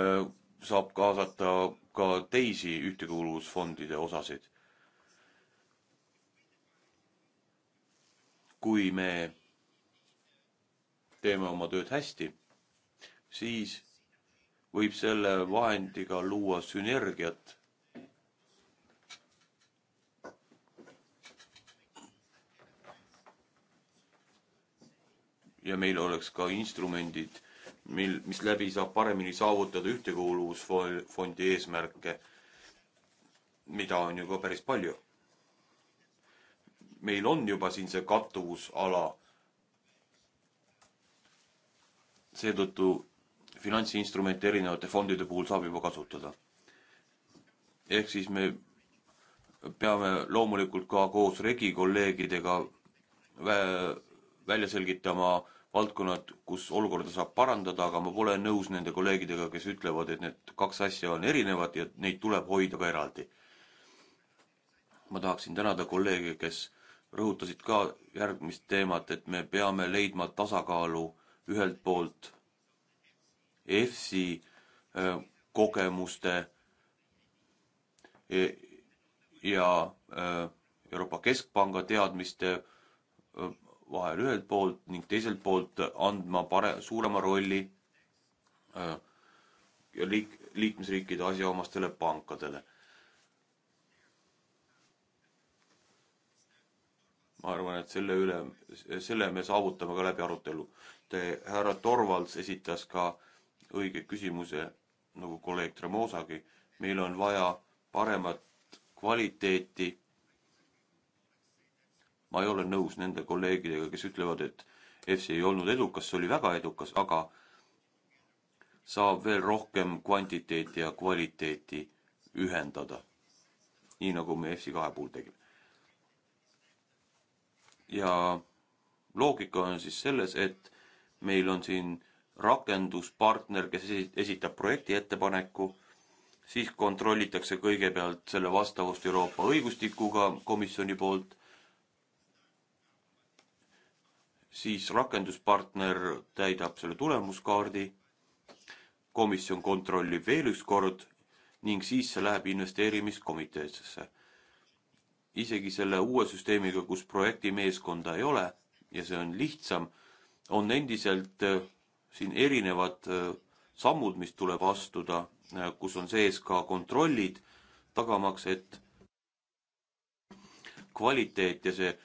C: äh, saab kaasata ka teisi ühtekuuluvusfondide osasid. kui me teeme oma tööd hästi, siis võib selle vahendiga luua sünergiat ja meil oleks ka instrumendid, mil, mis läbi saab paremini saavutada ühtekuuluvusfondi eesmärke, mida on ju ka päris palju. meil on juba siin see kattuvusala. seetõttu finantsinstrumente erinevate fondide puhul saab juba kasutada. ehk siis me peame loomulikult ka koos regi kolleegidega vä-, välja selgitama valdkonnad, kus olukorda saab parandada, aga ma pole nõus nende kolleegidega, kes ütlevad, et need kaks asja on erinevad ja neid tuleb hoida ka eraldi. ma tahaksin tänada kolleege, kes rõhutasid ka järgmist teemat, et me peame leidma tasakaalu ühelt poolt EFSi äh, kogemuste e, ja äh, Euroopa Keskpanga teadmiste vahel ühelt poolt ning teiselt poolt andma pare-, suurema rolli äh, liik-, liikmesriikide asjaomastele pankadele. ma arvan, et selle üle, selle me saavutame ka läbi arutelu. Te, härra Torvalds esitas ka õige küsimuse, nagu kolleeg Tremosagi, meil on vaja paremat kvaliteeti ma ei ole nõus nende kolleegidega, kes ütlevad, et EFSI ei olnud edukas, see oli väga edukas, aga saab veel rohkem kvantiteeti ja kvaliteeti ühendada. nii nagu me EFSI kahe puhul tegime. ja loogika on siis selles, et meil on siin rakenduspartner, kes esitab projekti ettepaneku, siis kontrollitakse kõigepealt selle vastavust Euroopa õigustikuga komisjoni poolt siis rakenduspartner täidab selle tulemuskaardi, komisjon kontrollib veel üks kord ning siis see läheb investeerimiskomiteesse. isegi selle uue süsteemiga, kus projektimeeskonda ei ole ja see on lihtsam, on endiselt äh, siin erinevad äh, sammud, mis tuleb astuda, äh, kus on sees ka kontrollid, tagamaks, et kvaliteet ja see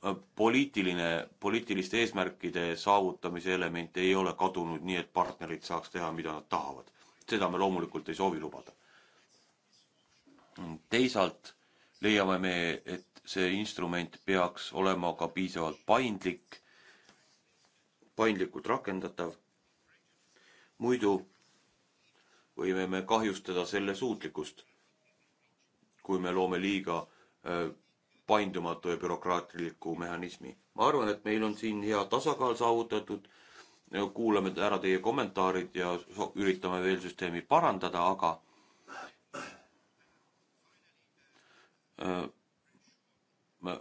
C: Äh, poliitiline, poliitiliste eesmärkide saavutamise element ei ole kadunud, nii et partnerid saaks teha, mida nad tahavad. seda me loomulikult ei soovi lubada. teisalt leiame me, et see instrument peaks olema ka piisavalt paindlik, paindlikult rakendatav. muidu võime me kahjustada selle suutlikkust, kui me loome liiga öö, äh, paindumatu ja bürokraatliku mehhanismi. ma arvan, et meil on siin hea tasakaal saavutatud, kuulame ära teie kommentaarid ja üritame veel süsteemi parandada, aga äh, ma,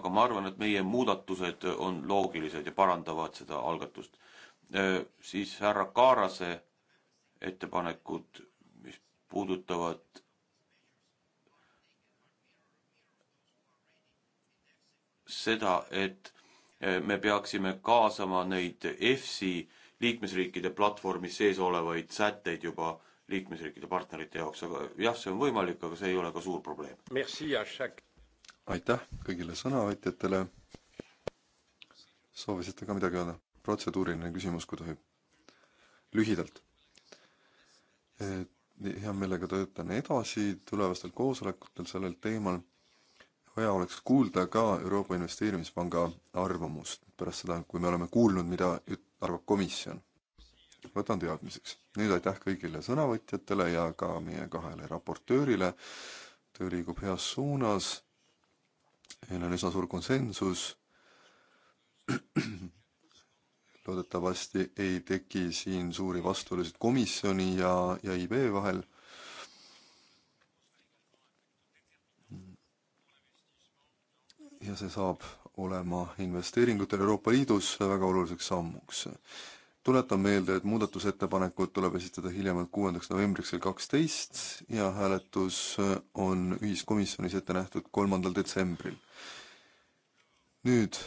C: aga ma arvan, et meie muudatused on loogilised ja parandavad seda algatust. Äh, siis härra Kaarase ettepanekud, mis puudutavad seda, et eh, me peaksime kaasama neid EFSI liikmesriikide platvormis sees olevaid sätteid juba liikmesriikide partnerite jaoks, aga jah, see on võimalik, aga see ei ole ka suur probleem.
A: aitäh kõigile sõnavõtjatele. soovisite ka midagi öelda? protseduuriline küsimus, kui tohib. lühidalt. Eh, hea meelega töötan edasi tulevastel koosolekutel sellel teemal hea oleks kuulda ka Euroopa Investeerimispanga arvamust pärast seda, kui me oleme kuulnud, mida arvab komisjon. võtan teadmiseks. nüüd aitäh kõigile sõnavõtjatele ja ka meie kahele raportöörile. töö liigub heas suunas. meil on üsna suur konsensus. loodetavasti ei teki siin suuri vastuolusid komisjoni ja, ja IB vahel ja see saab olema investeeringutel Euroopa Liidus väga oluliseks sammuks. tuletan meelde, et muudatusettepanekud tuleb esitada hiljemalt kuuendaks novembriks kell kaksteist ja hääletus on ühiskomisjonis ette nähtud kolmandal detsembril. nüüd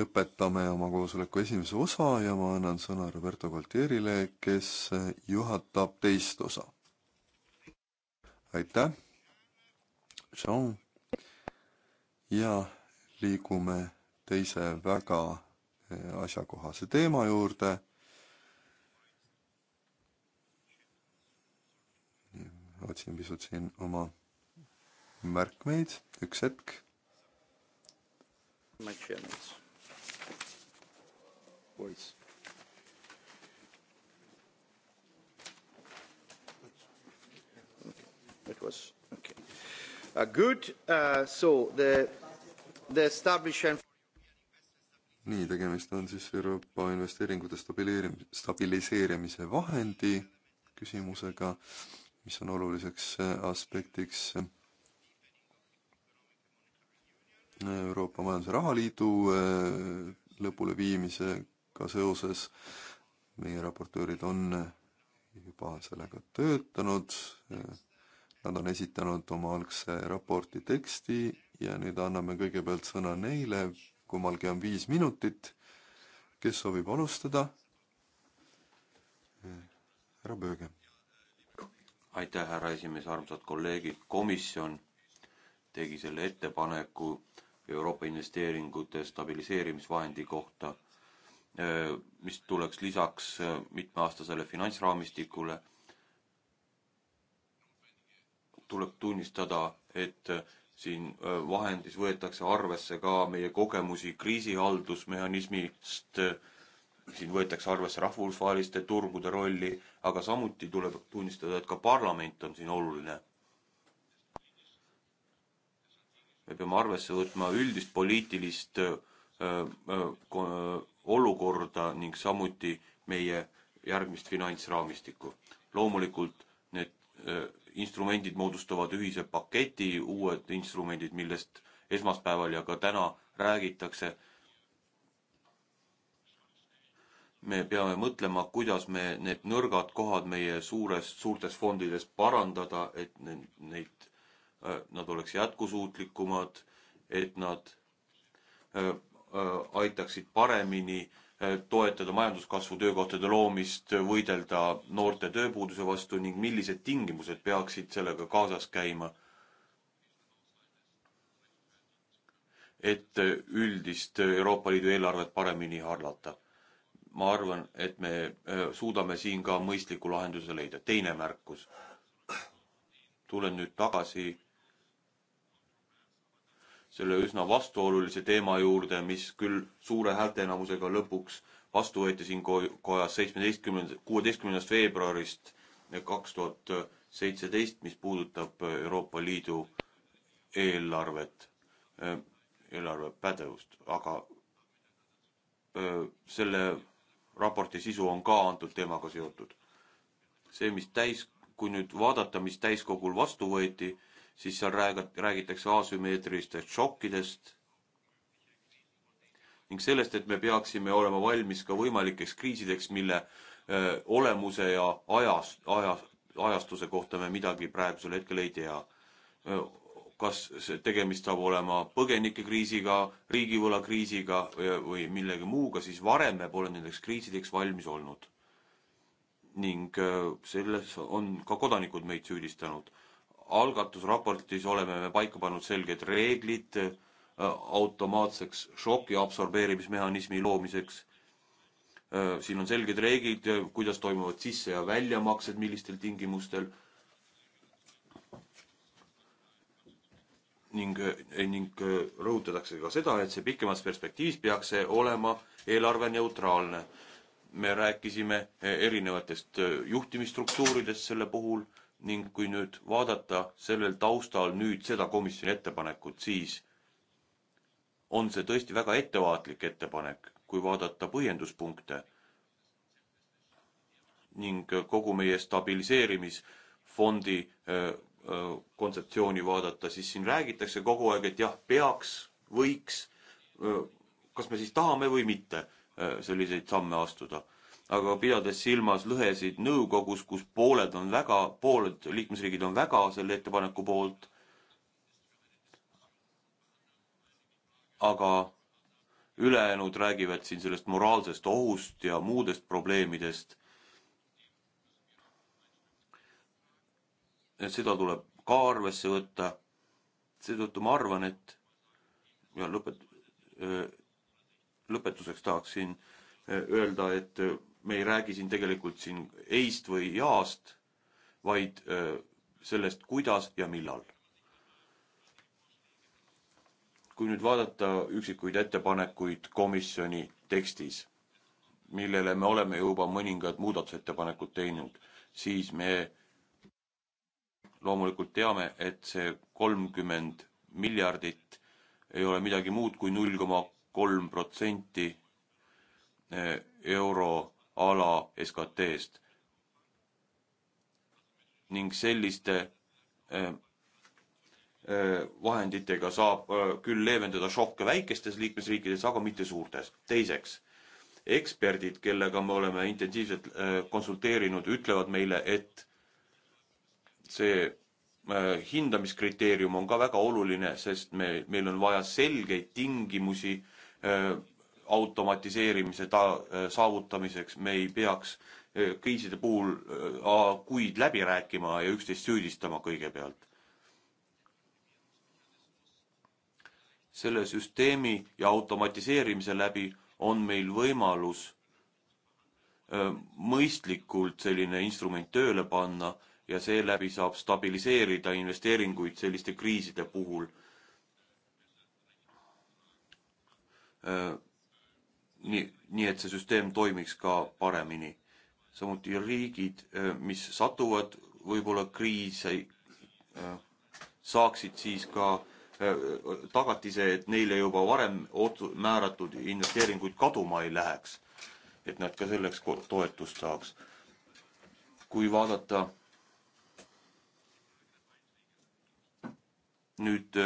A: lõpetame oma koosoleku esimese osa ja ma annan sõna Roberto Galtierile, kes juhatab teist osa. aitäh, Jean ja liigume teise väga eh, asjakohase teema juurde. otsin pisut siin oma märkmeid, üks hetk.
B: My chairman's voice. That was okay. Uh, good. Uh, so the
A: nii, tegemist on siis Euroopa investeeringute stabileerim-, stabiliseerimise vahendi küsimusega, mis on oluliseks äh, aspektiks äh, Euroopa Majandus- ja Rahaliidu äh, lõpuleviimisega seoses. meie raportöörid on juba sellega töötanud. Nad on esitanud oma algse raporti teksti ja nüüd anname kõigepealt sõna neile, kummalgi on viis minutit. kes soovib alustada?
C: härra Pööge. aitäh, härra esimees, armsad kolleegid, komisjon tegi selle ettepaneku Euroopa investeeringute stabiliseerimisvahendi kohta, eh, mis tuleks lisaks eh, mitmeaastasele finantsraamistikule tuleb tunnistada, et eh, siin vahendis võetakse arvesse ka meie kogemusi kriisihaldusmehhanismist, siin võetakse arvesse rahvusvaheliste turgude rolli, aga samuti tuleb tunnistada, et ka parlament on siin oluline. me peame arvesse võtma üldist poliitilist öö, öö, olukorda ning samuti meie järgmist finantsraamistikku. loomulikult need öö, instrumendid moodustavad ühise paketi, uued instrumendid, millest esmaspäeval ja ka täna räägitakse. me peame mõtlema, kuidas me need nõrgad kohad meie suures, suurtes fondides parandada, et neid, äh, nad oleks jätkusuutlikumad, et nad äh, äh, aitaksid paremini äh, Eh, toetada majanduskasvu, töökohtade loomist, võidelda noorte tööpuuduse vastu ning millised tingimused peaksid sellega kaasas käima? et üldist Euroopa Liidu eelarvet paremini harlata. ma arvan, et me eh, suudame siin ka mõistliku lahenduse leida. teine märkus. tulen nüüd tagasi selle üsna vastuolulise teema juurde, mis küll suure häälteenamusega lõpuks vastu võeti siin ko kojas seitsmeteistkümnenda, kuueteistkümnendast veebruarist kaks tuhat seitseteist, mis puudutab Euroopa Liidu eelarvet, eelarvepädevust, aga selle raporti sisu on ka antud teemaga seotud. see, mis täis, kui nüüd vaadata, mis täiskogul vastu võeti, siis seal räägitakse asümmeetrilistest šokkidest ning sellest, et me peaksime olema valmis ka võimalikeks kriisideks, mille öö, olemuse ja ajas, ajas, ajastuse kohta me midagi praegusel hetkel ei tea. kas tegemist saab olema põgenikekriisiga, riigivõlakriisiga või millegi muuga, siis varem me pole nendeks kriisideks valmis olnud. ning selles on ka kodanikud meid süüdistanud algatusraportis oleme me paika pannud selged reeglid äh, automaatseks šoki absorbeerimismehhanismi loomiseks. Äh, siin on selged reeglid, äh, kuidas toimuvad sisse- ja väljamaksed, millistel tingimustel ning, ning rõhutatakse ka seda, et see pikemas perspektiivis peaks see olema eelarveneutraalne. me rääkisime erinevatest juhtimisstruktuuridest selle puhul, ning kui nüüd vaadata sellel taustal nüüd seda komisjoni ettepanekut, siis on see tõesti väga ettevaatlik ettepanek, kui vaadata põhjenduspunkte ning kogu meie stabiliseerimisfondi äh, äh, kontseptsiooni vaadata, siis siin räägitakse kogu aeg, et jah, peaks, võiks, äh, kas me siis tahame või mitte selliseid samme astuda aga pidades silmas lõhesid nõukogus, kus pooled on väga, pooled liikmesriigid on väga selle ettepaneku poolt, aga ülejäänud räägivad siin sellest moraalsest ohust ja muudest probleemidest. et seda tuleb ka arvesse võtta. seetõttu ma arvan, et ja lõpet-, lõpetuseks tahaksin öelda, et me ei räägi siin tegelikult siin ei-st või jaast, vaid äh, sellest, kuidas ja millal. kui nüüd vaadata üksikuid ettepanekuid komisjoni tekstis, millele me oleme juba mõningad muudatusettepanekud teinud, siis me loomulikult teame, et see kolmkümmend miljardit ei ole midagi muud kui null koma kolm protsenti äh, euro ala SKT-st. ning selliste äh, äh, vahenditega saab äh, küll leevendada šokke väikestes liikmesriikides, aga mitte suurtes. teiseks, eksperdid, kellega me oleme intensiivselt konsulteerinud, ütlevad meile, et see hindamiskriteerium on ka väga oluline, sest me, meil on vaja selgeid tingimusi automatiseerimise ta-, äh, saavutamiseks me ei peaks äh, kriiside puhul kuid äh, läbi rääkima ja üksteist süüdistama kõigepealt. selle süsteemi ja automatiseerimise läbi on meil võimalus mõistlikult selline instrument tööle panna ja seeläbi saab stabiliseerida investeeringuid selliste kriiside puhul nii, nii et see süsteem toimiks ka paremini. samuti riigid, äh, mis satuvad võib-olla kriisi, äh, saaksid siis ka äh, tagatise, et neile juba varem otsu-, määratud investeeringuid kaduma ei läheks. et nad ka selleks toetust saaks. kui vaadata nüüd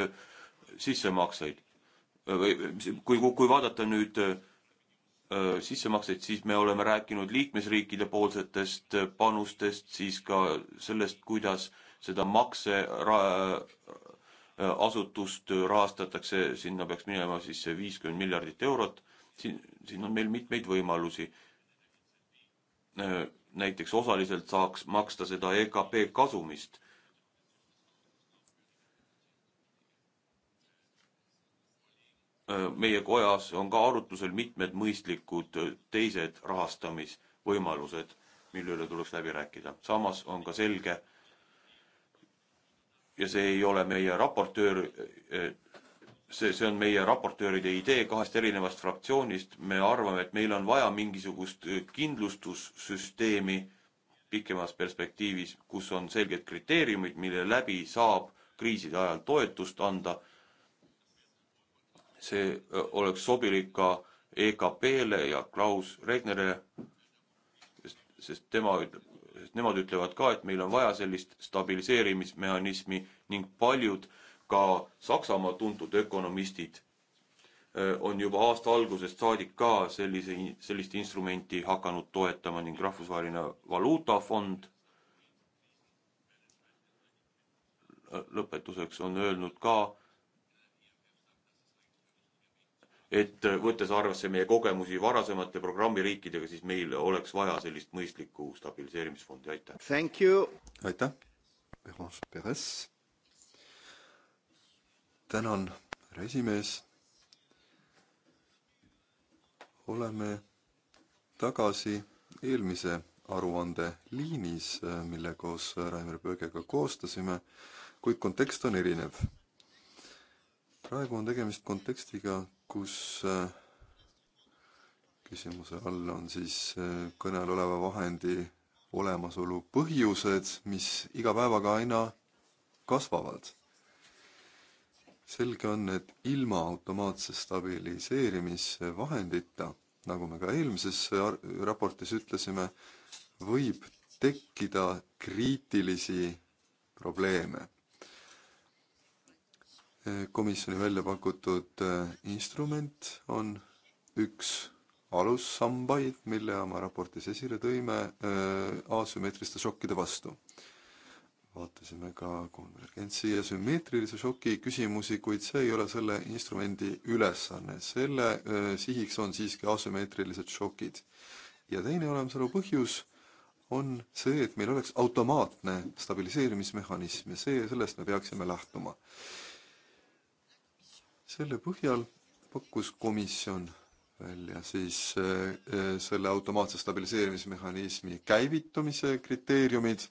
C: sissemakseid või kui, kui vaadata nüüd Äh, sissemakseid, siis me oleme rääkinud liikmesriikide poolsetest äh, panustest, siis ka sellest, kuidas seda makse ra äh, asutust rahastatakse, sinna peaks minema siis see viiskümmend miljardit eurot. siin, siin on meil mitmeid võimalusi. näiteks osaliselt saaks maksta seda EKP kasumist Äh, meie kojas on ka arutusel mitmed mõistlikud äh, teised rahastamisvõimalused, mille üle tuleks läbi rääkida. samas on ka selge ja see ei ole meie raportöör, äh, see, see on meie raportööride idee kahest erinevast fraktsioonist, me arvame, et meil on vaja mingisugust kindlustussüsteemi pikemas perspektiivis, kus on selged kriteeriumid, mille läbi saab kriiside ajal toetust anda see oleks sobilik ka EKP-le ja Klaus Regnerile, sest, sest tema ütleb, sest nemad ütlevad ka, et meil on vaja sellist stabiliseerimismehhanismi ning paljud ka Saksamaa tuntud ökonomistid on juba aasta algusest saadik ka sellise, sellist instrumenti hakanud toetama ning Rahvusvaheline Valuutafond lõpetuseks on öelnud ka, et äh, võttes arvesse meie kogemusi varasemate programmiriikidega, siis meil oleks vaja sellist mõistlikku stabiliseerimisfondi,
B: aitäh. aitäh,
A: Pervanche Perez. tänan, härra esimees. oleme tagasi eelmise aruande liinis, äh, mille koos Raimar Pöögega koostasime, kuid kontekst on erinev. praegu on tegemist kontekstiga kus äh, küsimuse all on siis äh, kõne all oleva vahendi olemasolu põhjused, mis iga päevaga aina kasvavad. selge on, et ilma automaatse stabiliseerimisvahendita, nagu me ka eelmises raportis ütlesime, võib tekkida kriitilisi probleeme komisjoni välja pakutud äh, instrument on üks alussambaid, mille oma raportis esile tõime äh, asümmeetriliste šokkide vastu. vaatasime ka konvergentsi ja sümmeetrilise šoki küsimusi, kuid see ei ole selle instrumendi ülesanne, selle äh, sihiks on siiski asümmeetrilised šokid. ja teine olemasolu põhjus on see, et meil oleks automaatne stabiliseerimismehhanism ja see, sellest me peaksime lähtuma selle põhjal pakkus komisjon välja siis eh, eh, selle automaatse stabiliseerimismehhanismi käivitumise kriteeriumid.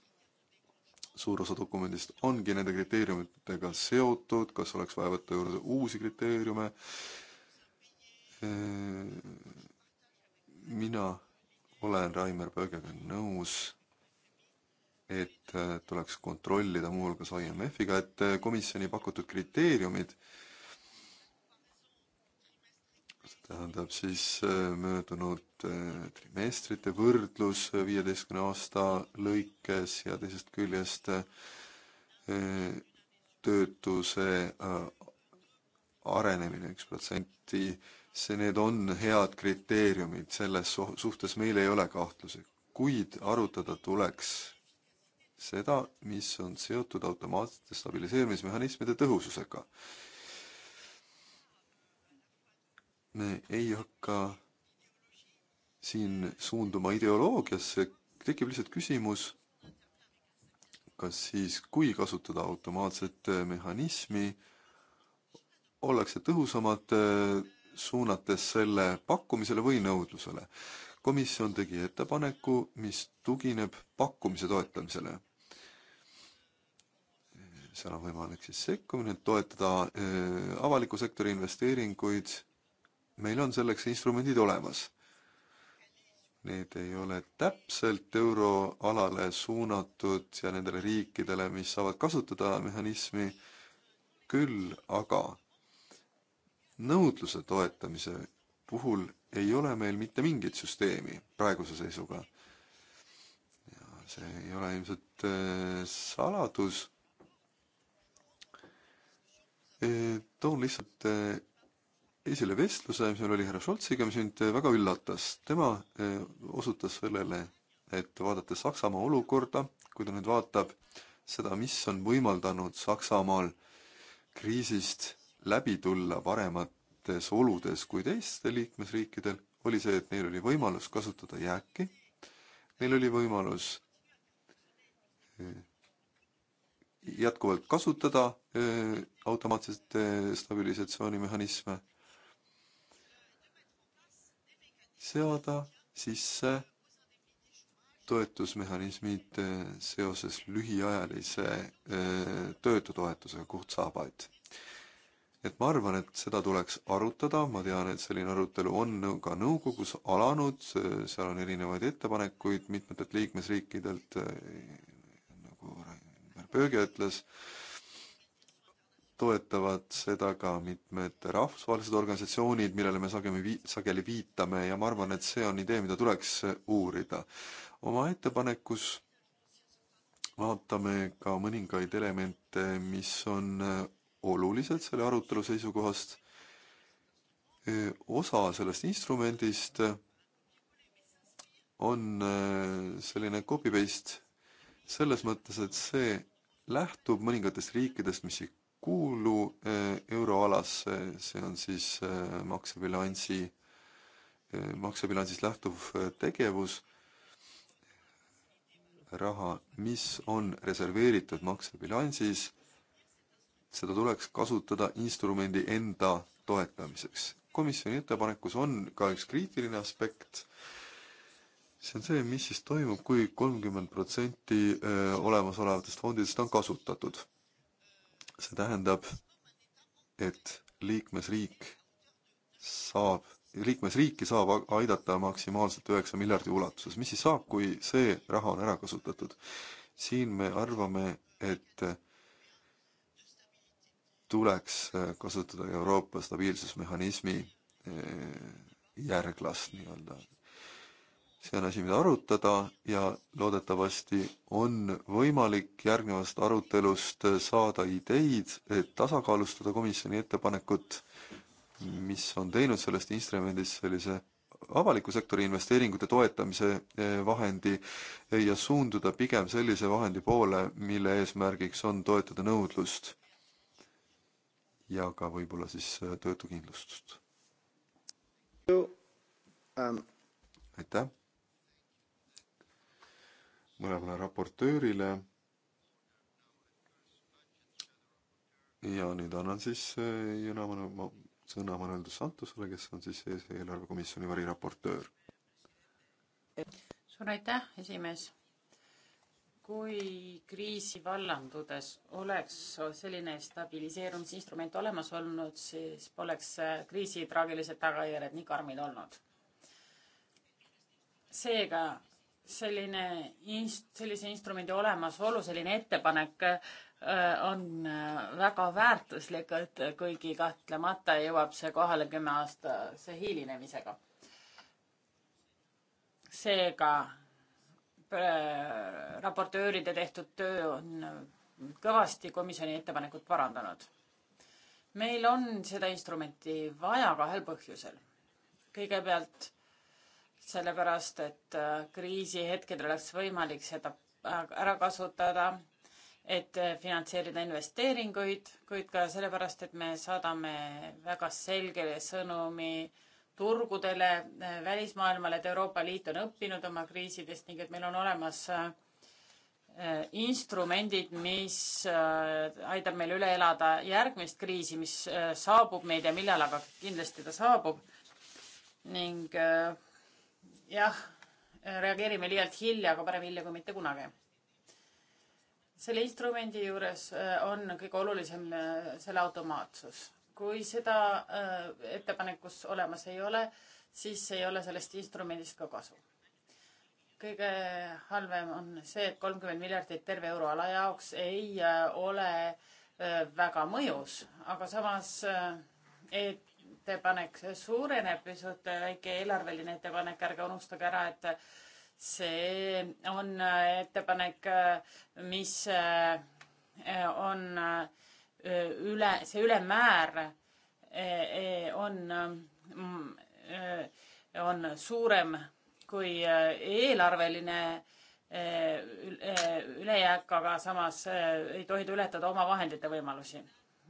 A: suur osa dokumendist ongi nende kriteeriumitega seotud, kas oleks vaja võtta juurde uusi kriteeriume. Eh, mina olen Raimar Pöögega nõus et tuleks kontrollida muuhulgas IMF-iga, et komisjoni pakutud kriteeriumid äh, see tähendab siis äh, möödunud äh, trimestrite võrdlus äh, viieteistkümne aasta lõikes ja teisest küljest töötuse arenemine üks protsenti, see, need on head kriteeriumid, selles suhtes meil ei ole kahtlusi, kuid arutada tuleks seda, mis on seotud automaatsete stabiliseerimismehhanismide tõhususega me ei hakka siin suunduma ideoloogiasse, tekib lihtsalt küsimus, kas siis, kui kasutada automaatset äh, mehhanismi, ollakse tõhusamad äh, suunates selle pakkumisele või nõudlusele. komisjon tegi ettepaneku, mis tugineb pakkumise toetamisele. Äh, seal on võimalik siis sekkumine, toetada avaliku sektori investeeringuid meil on selleks instrumendid olemas. Need ei ole täpselt euroalale suunatud ja nendele riikidele, mis saavad kasutada mehhanismi, küll aga nõudluse toetamise puhul ei ole meil mitte mingit süsteemi praeguse seisuga. ja see ei ole ilmselt äh, saladus. Äh, toon lihtsalt äh, esile vestluse, mis meil oli härra Scholziga, mis mind eh, väga üllatas. tema eh, osutas sellele, et vaadates Saksamaa olukorda, kui ta nüüd vaatab seda, mis on võimaldanud Saksamaal kriisist läbi tulla paremates oludes kui teistel liikmesriikidel, oli see, et neil oli võimalus kasutada jääki, neil oli võimalus eh, jätkuvalt kasutada automaatset stabilisatsioonimehhanisme seada sisse toetusmehhanismid eh, seoses lühiajalise eh, töötutoetusega kuhtsaabaid. et ma arvan, et seda tuleks arutada, ma tean, et selline arutelu on ka nõukogus alanud, seal on erinevaid ettepanekuid mitmetelt liikmesriikidelt, eh, nagu Pöögi ütles, toetavad seda ka mitmed rahvusvahelised organisatsioonid, millele me sageli vii-, sageli viitame ja ma arvan, et see on idee, mida tuleks uurida. oma ettepanekus vaatame ka mõningaid elemente, mis on olulised selle arutelu seisukohast. osa sellest instrumendist on selline copy-paste selles mõttes, et see lähtub mõningatest riikidest, mis ei kuulu eh, euroalasse, see on siis eh, maksebilansi, eh, maksebilansist lähtuv tegevus, raha, mis on reserveeritud maksebilansis, seda tuleks kasutada instrumendi enda toetamiseks. komisjoni ettepanekus on ka üks kriitiline aspekt, see on see, mis siis toimub kui, kui kolmkümmend protsenti olemasolevatest fondidest on kasutatud see tähendab, et liikmesriik saab, liikmesriiki saab aidata maksimaalselt üheksa miljardi ulatuses. mis siis saab, kui see raha on ära kasutatud? siin me arvame, et tuleks äh, kasutada Euroopa stabiilsusmehhanismi äh, järglast nii-öelda see on asi, mida arutada ja loodetavasti on võimalik järgnevast arutelust saada ideid, et tasakaalustada komisjoni ettepanekut, mis on teinud sellest instrumendist sellise avaliku sektori investeeringute toetamise e, vahendi ja suunduda pigem sellise vahendi poole, mille eesmärgiks on toetada nõudlust ja ka võib-olla siis e, töötukindlustust.
B: Um,
A: aitäh! mõlemale raportöörile. ja nüüd annan siis eh, sõna, sõna Manuel dos Santosele, kes on siis eelarvekomisjoni variraportöör.
D: suur aitäh, esimees. kui kriisi vallandudes oleks selline stabiliseerumisinstrument olemas olnud, siis poleks kriisi traagilised tagajärjed nii karmid olnud. seega selline inst-, sellise instrumendi olemasolu, selline ettepanek äh, on äh, väga väärtuslik, et kuigi kahtlemata jõuab see kohale kümme aastase hilinemisega. seega äh, raportööride tehtud töö on kõvasti komisjoni ettepanekut parandanud. meil on seda instrumenti vaja kahel põhjusel. kõigepealt sellepärast et äh, kriisihetkedel oleks võimalik seda äh, ära kasutada, et äh, finantseerida investeeringuid, kuid ka sellepärast, et me saadame väga selge sõnumi turgudele, välismaailmale, et Euroopa Liit on õppinud oma kriisidest ning et meil on olemas instrumendid, mis aitab meil üle elada järgmist kriisi, mis saabub, me ei tea, millal, aga kindlasti ta saabub. ning jah, äh, reageerime liialt hilja, aga parem hilja kui mitte kunagi. selle instrumendi juures äh, on kõige olulisem äh, selle automaatsus. kui seda ettepanekus olemas ei ole, siis ei ole sellest instrumendist ka kasu. kõige halvem on see, et kolmkümmend miljardit terve euroala jaoks ei ole väga mõjus, aga samas, et ettepanek suureneb pisut, väike eelarveline ettepanek, ärge unustage ära, et see on ettepanek, mis eh, on eh, üle, see ülemäär eh, on, mm, on suurem kui eelarveline ülejääk, aga samas ei tohi ületada omavahendite võimalusi.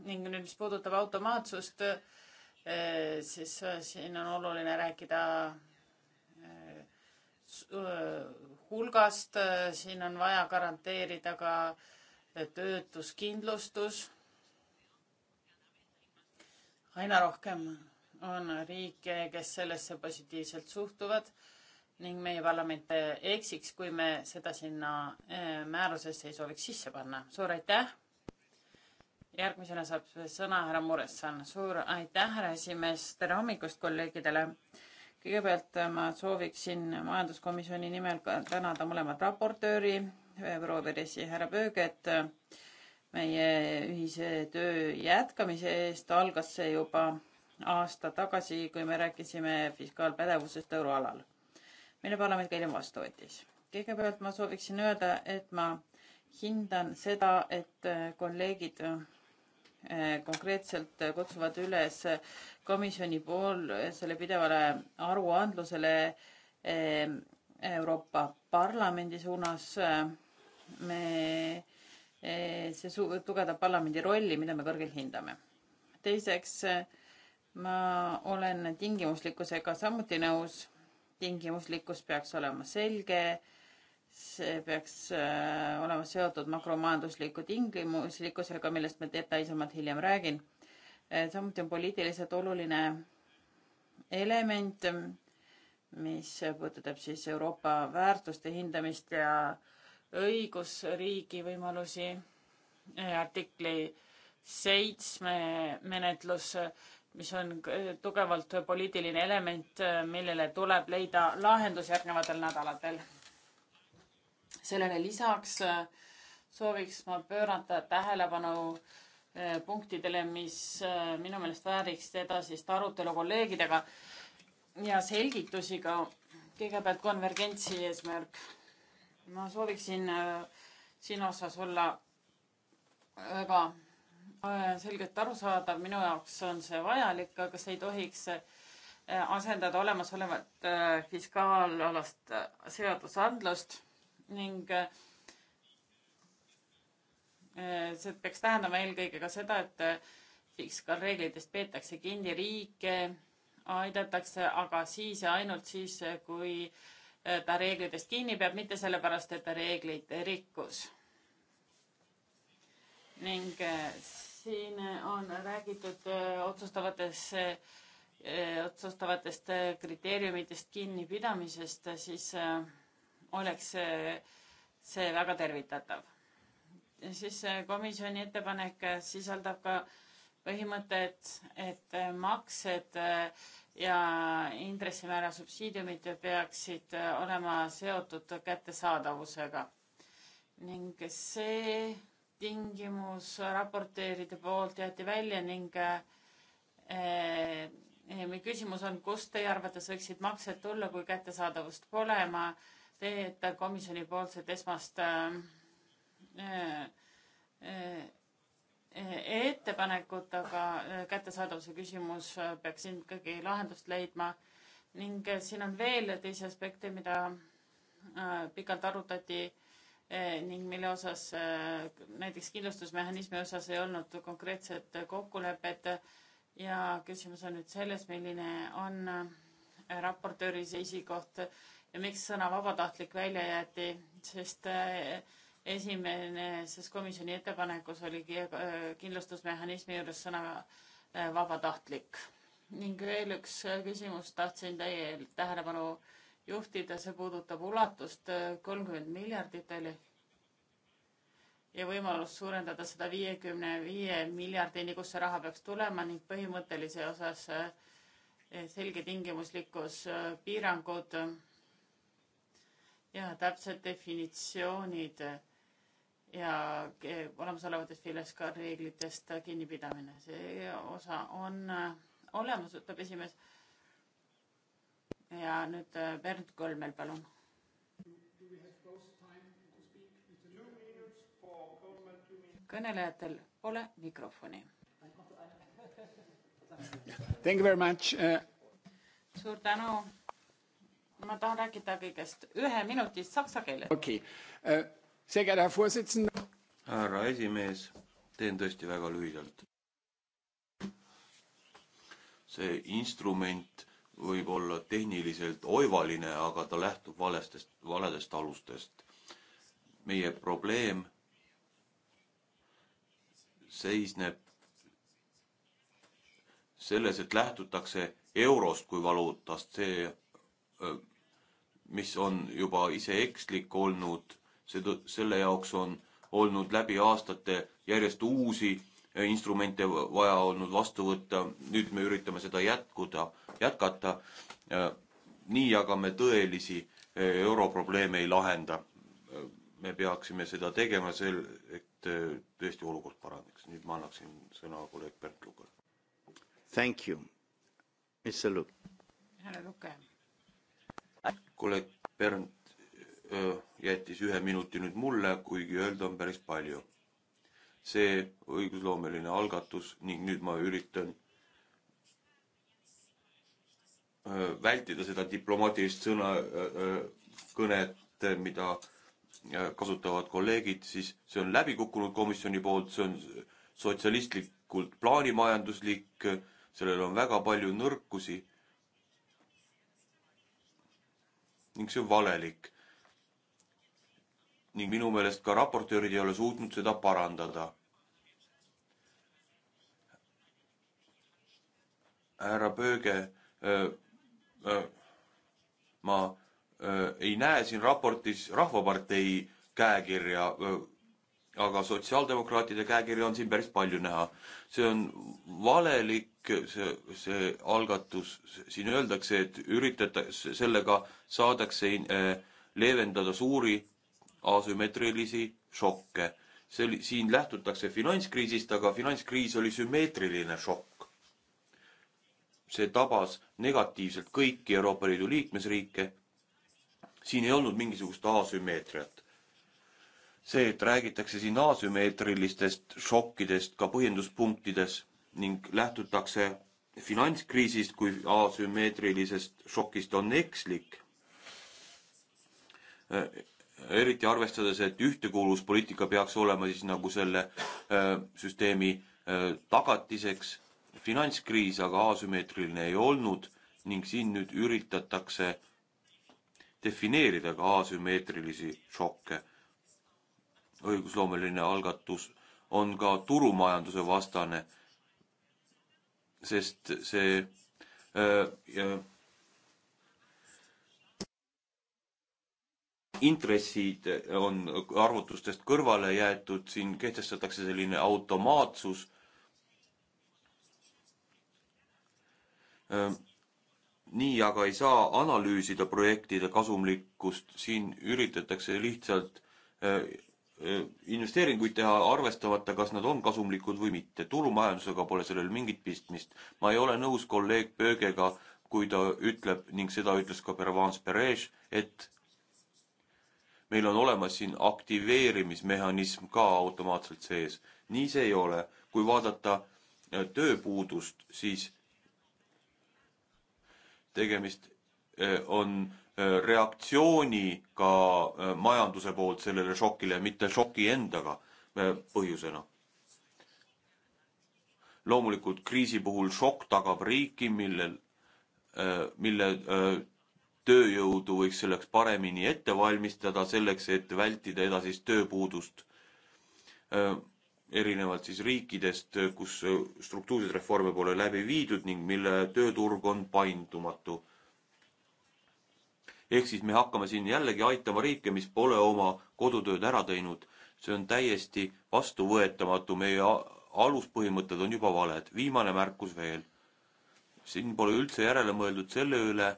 D: ning nüüd, mis puudutab automaatsust, Äh, siis äh, siin on oluline rääkida äh, hulgast, siin on vaja garanteerida ka töötuskindlustus. aina rohkem on riike, kes sellesse positiivselt suhtuvad ning meie parlament eksiks, kui me seda sinna määrusesse ei sooviks sisse panna. suur aitäh! järgmisena saab sõna härra Muressan. suur aitäh, härra esimees, tere hommikust kolleegidele. kõigepealt ma sooviksin majanduskomisjoni nimel tänada mõlemat raportööri, proua Peresi ja härra Pööget meie ühise töö jätkamise eest. algas see juba aasta tagasi, kui me rääkisime fiskaalpädevusest euroalal, mille parlament ka hiljem vastu võttis. kõigepealt ma sooviksin öelda, et ma hindan seda, et kolleegid Eh, konkreetselt kutsuvad üles komisjoni pool selle pidevale aruandlusele eh, Euroopa Parlamendi suunas. me, eh, see tugevdab parlamendi rolli, mida me kõrgelt hindame. teiseks, ma olen tingimuslikkusega samuti nõus. tingimuslikkus peaks olema selge see peaks äh, olema seotud makromajandusliku tingimuslikkusega, millest ma detailsemalt hiljem räägin. Äh, samuti on poliitiliselt oluline element, mis puudutab siis Euroopa väärtuste hindamist ja õigusriigi võimalusi. Äh, artikli seitsme menetlus, mis on tugevalt poliitiline element, millele tuleb leida lahendus järgnevatel nädalatel sellele lisaks äh, sooviks ma pöörata tähelepanu äh, punktidele, mis äh, minu meelest vääriks edasist arutelu kolleegidega ja selgitusi ka. kõigepealt konvergentsi eesmärk. ma sooviksin siin osas olla väga selgelt arusaadav, minu jaoks on see vajalik, aga see ei tohiks asendada olemasolevat fiskaalalast seadusandlust ning äh, äh, see peaks tähendama eelkõige ka seda, et äh, fiskaalreeglitest peetakse kinni, riike aidatakse, aga siis ja ainult siis, kui ta reeglitest kinni peab, mitte sellepärast, et ta reegleid rikkus. ning siin on räägitud otsustavates, otsustavatest kriteeriumitest kinnipidamisest, siis öö, oleks see väga tervitatav. siis komisjoni ettepanek sisaldab ka põhimõtet, et maksed äh, ja intressimäära subsiidiumid peaksid äh, olema seotud kättesaadavusega ning see tingimus raporteeride poolt jäeti välja ning eh, küsimus on, kust teie arvates võiksid maksed tulla, kui kättesaadavust pole, ma see, et komisjoni poolset esmast äh, äh, äh, ettepanekut, aga kättesaadavuse küsimus peaks siin ikkagi lahendust leidma ning siin on veel teisi aspekte, mida pikalt arutati ning mille osas näiteks kindlustusmehhanismi osas ei olnud konkreetset kokkulepet ja küsimus on nüüd selles, milline on raportööri seisukoht ja miks sõna vabatahtlik välja jäeti, sest äh, esimeses komisjoni ettepanekus oli äh, kindlustusmehhanismi juures sõna äh, vabatahtlik. ning veel üks küsimus tahtsin teie tähelepanu juhtida, see puudutab ulatust, kolmkümmend miljardit oli. ja võimalus suurendada seda viiekümne viie miljardini, kust see raha peaks tulema ning põhimõttelise osas selge tingimuslikkus, piirangud ja täpsed definitsioonid ja eh, olemasolevatest FILESCA reeglitest kinnipidamine. see osa on eh, olemas, võtab esimees. ja nüüd eh, Bernd Kolmel, palun. kõnelejatel pole mikrofoni. Thank you very much uh.... suur tänu ma tahan rääkida kõigest ühe minuti saksa keeles. okei okay., äh,
F: seega härra Vorsitzende.
C: härra esimees, teen tõesti väga lühidalt. see instrument võib olla tehniliselt oivaline, aga ta lähtub valestest, valedest alustest. meie probleem seisneb selles, et lähtutakse eurost kui valuutast, see äh, mis on juba ise ekslik olnud, seda, selle jaoks on olnud läbi aastate järjest uusi eh, instrumente vaja olnud vastu võtta, nüüd me üritame seda jätkuda, jätkata. Eh, nii aga me tõelisi eh, europrobleeme ei lahenda. me peaksime seda tegema sel, et tõesti olukord paraneks. nüüd ma annaksin sõna kolleeg Bert Lukale. Thank you, Mr Luk. härra Luke kolleeg Bernd öö, jättis ühe minuti nüüd mulle, kuigi öelda on päris palju. see õigusloomeline algatus ning nüüd ma üritan öö, vältida seda diplomaatilist sõna, kõnet, mida kasutavad kolleegid, siis see on läbi kukkunud komisjoni poolt, see on sotsialistlikult plaanimajanduslik, sellel on väga palju nõrkusi ning see on valelik. ning minu meelest ka raportöörid ei ole suutnud seda parandada. härra Pööge, ma öö, ei näe siin raportis Rahvapartei käekirja aga sotsiaaldemokraatide käekirja on siin päris palju näha. see on valelik see, see algatus, siin öeldakse, et üritatakse, sellega saadakse äh, leevendada suuri asümmeetrilisi šokke. see, siin lähtutakse finantskriisist, aga finantskriis oli sümmeetriline šokk. see tabas negatiivselt kõiki Euroopa Liidu liikmesriike. siin ei olnud mingisugust asümmeetriat. see, et räägitakse siin asümmeetrilistest šokkidest ka põhjenduspunktides ning lähtutakse finantskriisist kui asümmeetrilisest šokist on ekslik. Äh, eriti arvestades, et ühtekuuluvuspoliitika peaks olema siis nagu selle äh, süsteemi äh, tagatiseks. finantskriis aga asümmeetriline ei olnud ning siin nüüd üritatakse defineerida ka asümmeetrilisi šokke. õigusloomeline algatus on ka turumajanduse vastane sest see äh, intressid on arvutustest kõrvale jäetud, siin kehtestatakse selline automaatsus äh,. nii aga ei saa analüüsida projektide kasumlikkust, siin üritatakse lihtsalt äh, Äh, investeeringuid teha, arvestamata, kas nad on kasumlikud või mitte. turumajandusega pole sellel mingit pistmist. ma ei ole nõus kolleeg Pöögega, kui ta ütleb ning seda ütles ka Pervans Perez, et meil on olemas siin aktiveerimismehhanism ka automaatselt sees. nii see ei ole. kui vaadata äh, tööpuudust, siis tegemist äh, on Äh, reaktsiooniga äh, majanduse poolt sellele šokile, mitte šoki endaga äh, põhjusena. loomulikult kriisi puhul šokk tagab riiki, millel, mille tööjõudu võiks selleks paremini ette valmistada, selleks et vältida edasist tööpuudust. erinevalt siis riikidest, kus struktuurseid reforme pole läbi viidud ning mille tööturg on paindumatu ehk siis me hakkame siin jällegi aitama riike, mis pole oma kodutööd ära teinud. see on täiesti vastuvõetamatu, meie aluspõhimõtted on juba valed. viimane märkus veel. siin pole üldse järele mõeldud selle üle,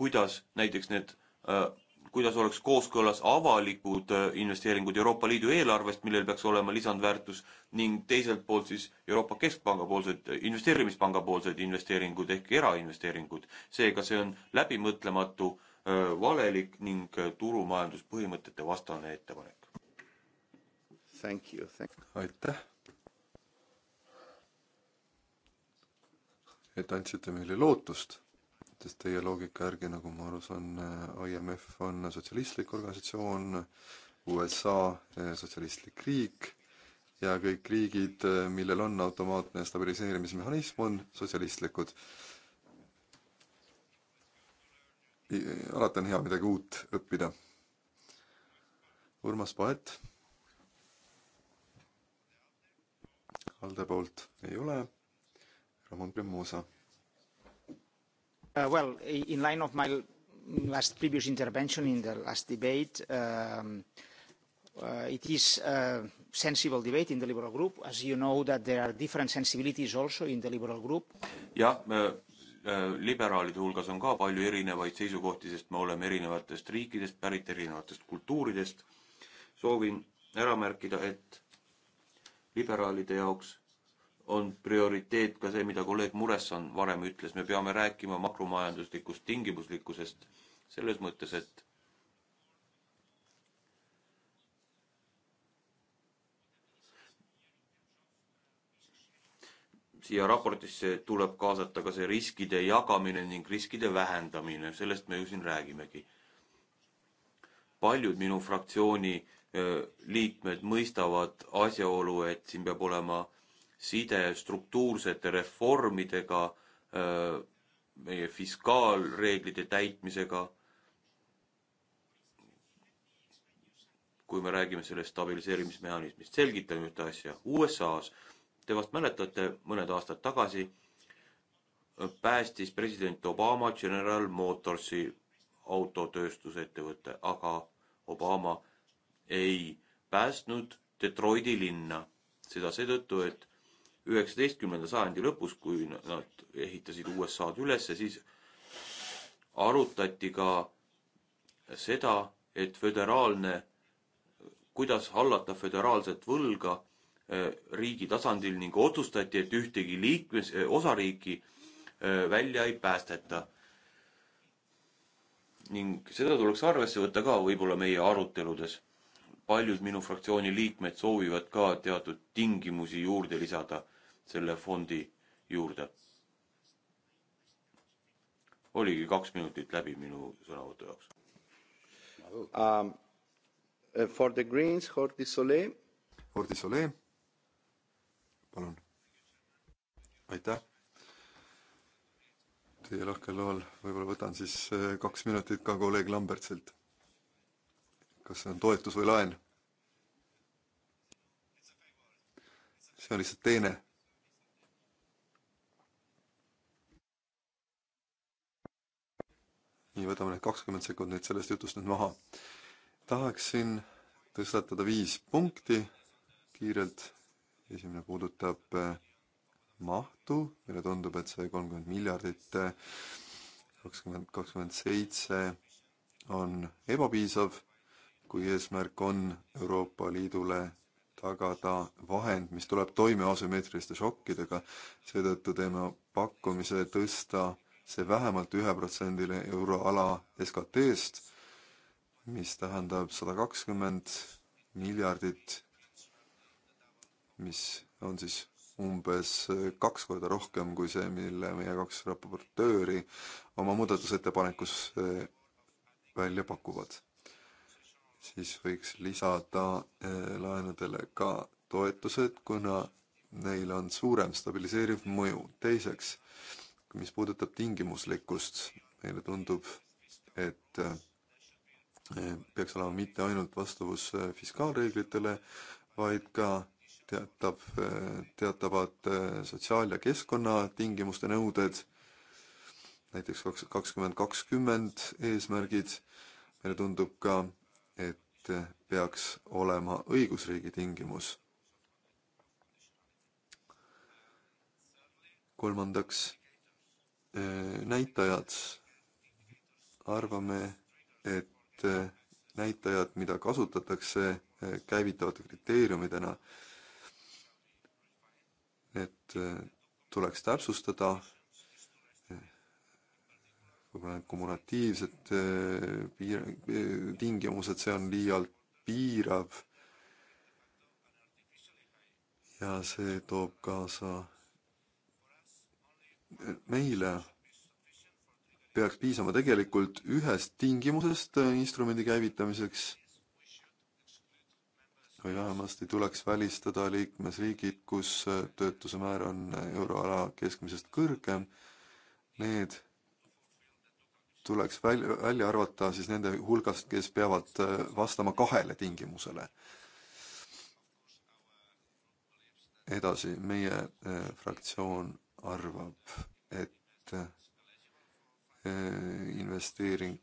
C: kuidas näiteks need kuidas oleks kooskõlas avalikud äh, investeeringud Euroopa Liidu eelarvest, millel peaks olema lisandväärtus, ning teiselt poolt siis Euroopa Keskpanga poolsed, äh, investeerimispanga poolsed investeeringud ehk erainvesteeringud. seega see on läbimõtlematu, äh, valelik ning turumajanduspõhimõtete vastane ettepanek.
A: aitäh. et andsite meile lootust sest teie loogika järgi, nagu ma aru saan, IMF on sotsialistlik organisatsioon, USA eh, sotsialistlik riik ja kõik riigid, eh, millel on automaatne stabiliseerimismehhanism, on sotsialistlikud. alati on hea midagi uut õppida. Urmas Paet. Alde poolt ei ole. Ramon Premosa
B: Uh, well, in line of my last previous intervention in the last debate, um, uh, it is a sensible debate in the Liberal Group. As you know, that there are different sensibilities also in the Liberal Group.
C: jah, äh, liberaalide hulgas on ka palju erinevaid seisukohti, sest me oleme erinevatest riikidest pärit, erinevatest kultuuridest. soovin ära märkida, et liberaalide jaoks on prioriteet ka see, mida kolleeg Muresson varem ütles, me peame rääkima makromajanduslikust tingimuslikkusest selles mõttes, et siia raportisse tuleb kaasata ka see riskide jagamine ning riskide vähendamine, sellest me ju siin räägimegi. paljud minu fraktsiooni äh, liikmed mõistavad asjaolu, et siin peab olema äh, side struktuursete reformidega, meie fiskaalreeglite täitmisega. kui me räägime sellest stabiliseerimismehhanismist, selgitan ühte asja. USA-s, te vast mäletate, mõned aastad tagasi päästis president Obama General Motorsi autotööstusettevõte, aga Obama ei päästnud Detroiti linna. seda seetõttu, et üheksateistkümnenda sajandi lõpus, kui nad ehitasid USA-d üles, siis arutati ka seda, et föderaalne, kuidas hallata föderaalset võlga äh, riigi tasandil ning otsustati, et ühtegi liikmes, äh, osariiki äh, välja ei päästeta. ning seda tuleks arvesse võtta ka võib-olla meie aruteludes. paljud minu fraktsiooni liikmed soovivad ka teatud tingimusi juurde lisada selle fondi juurde. oligi kaks minutit läbi minu sõnavõtu jaoks
B: um,. Uh, for the Greens, Horti Solee. Horti Solee, palun. aitäh.
A: Teie lahkel loal võib-olla võtan siis uh, kaks minutit ka kolleeg Lambertsilt. kas see on toetus või laen? see on lihtsalt teene nii, võtame need kakskümmend sekundit sellest jutust nüüd maha. tahaksin tõstatada viis punkti kiirelt. esimene puudutab eh, mahtu, meile tundub, et see kolmkümmend miljardit, eh, kakskümmend, kakskümmend seitse on ebapiisav, kui eesmärk on Euroopa Liidule tagada vahend, mis tuleb toime asümmeetriliste šokkidega. seetõttu teeme pakkumise tõsta see vähemalt ühe protsendile euroala SKT-st, mis tähendab sada kakskümmend miljardit, mis on siis umbes kaks korda rohkem kui see, mille meie kaks raportööri oma muudatusettepanekus eh, välja pakuvad. siis võiks lisada eh, laenudele ka toetused, kuna neil on suurem stabiliseeriv mõju. teiseks, mis puudutab tingimuslikkust, meile tundub, et äh, peaks olema mitte ainult vastavus äh, fiskaalreeglitele, vaid ka teatab, äh, teatavad sotsiaal- ja keskkonnatingimuste nõuded, näiteks kaks, kakskümmend kakskümmend eesmärgid, meile tundub ka, et peaks olema õigusriigi tingimus. kolmandaks Äh, näitajad, arvame, et äh, näitajad, mida kasutatakse äh, käivitavate kriteeriumidena, need tuleks täpsustada, võib-olla need kumulatiivsed piir-, tingimused, see on liialt piirav ja see toob kaasa meile peaks piisama tegelikult ühest tingimusest äh, instrumendi käivitamiseks või vähemasti tuleks välistada liikmesriigid, kus äh, töötuse määr on äh, euroala keskmisest kõrgem. Need tuleks väl-, välja arvata siis nende hulgast, kes peavad vastama kahele tingimusele. edasi, meie fraktsioon arvab, et eh, investeering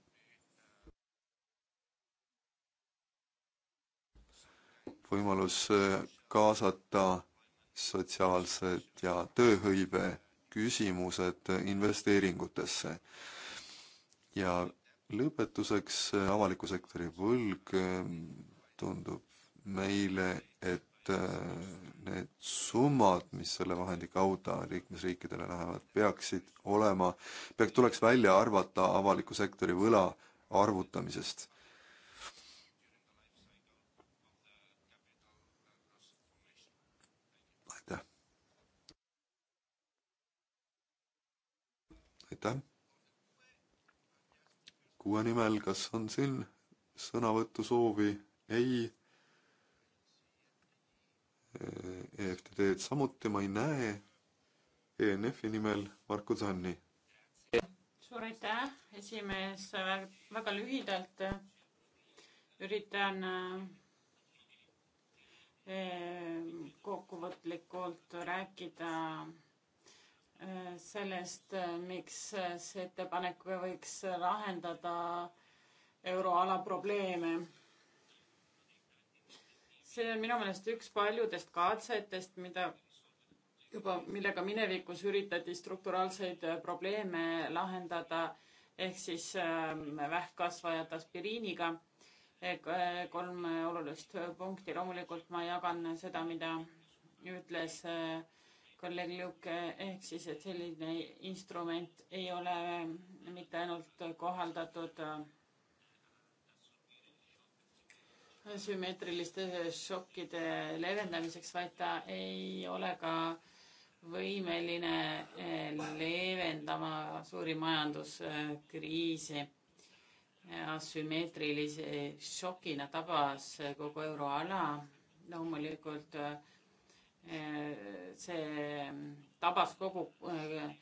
A: võimalus eh, kaasata sotsiaalsed ja tööhõive küsimused investeeringutesse. ja lõpetuseks eh, avaliku sektori võlg tundub meile, et et äh, need summad, mis selle vahendi kaudu liikmesriikidele lähevad, peaksid olema, peaks, tuleks välja arvata avaliku sektori võla arvutamisest. aitäh. aitäh. kuue nimel, kas on siin sõnavõtusoovi? ei EFTD-d samuti ma ei näe. ENF-i nimel Marko Zanni.
D: suur aitäh, esimees, väga lühidalt üritan e, kokkuvõtlikult rääkida e, sellest, miks see ettepanek võiks lahendada euroala probleeme see on minu meelest üks paljudest katsetest, mida juba, millega minevikus üritati strukturaalseid äh, probleeme lahendada ehk siis ähm, vähkkasvajad aspiriiniga. Äh, kolm äh, olulist punkti, loomulikult ma jagan seda, mida ütles kolleeg Ljuke ehk siis, et selline instrument ei ole mitte ainult kohaldatud äh, sümmeetriliste šokkide leevendamiseks, vaid ta ei ole ka võimeline eh, leevendama suuri majanduskriise. asümmeetrilise šokina tabas kogu euroala. loomulikult eh, see tabas kogu eh,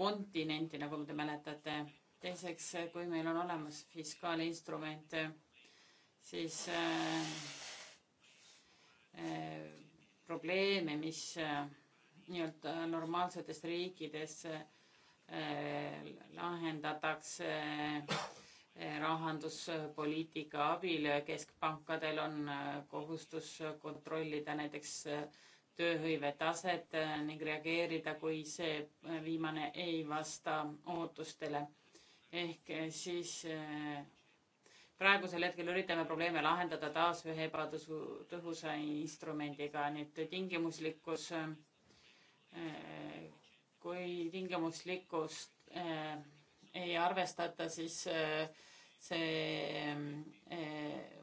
D: kontinenti, nagu te mäletate. teiseks, kui meil on olemas fiskaalinstrument siis äh, äh, probleeme, mis äh, nii-öelda normaalsetes riikides lahendatakse rahanduspoliitika abil. keskpankadel on kohustus kontrollida näiteks tööhõive taset ning reageerida, kui see viimane ei vasta ootustele. ehk siis praegusel hetkel üritame probleeme lahendada taas ühe ebatõhusa instrumendiga, nüüd tingimuslikkus. Eh, kui tingimuslikkust eh, ei arvestata, siis eh, see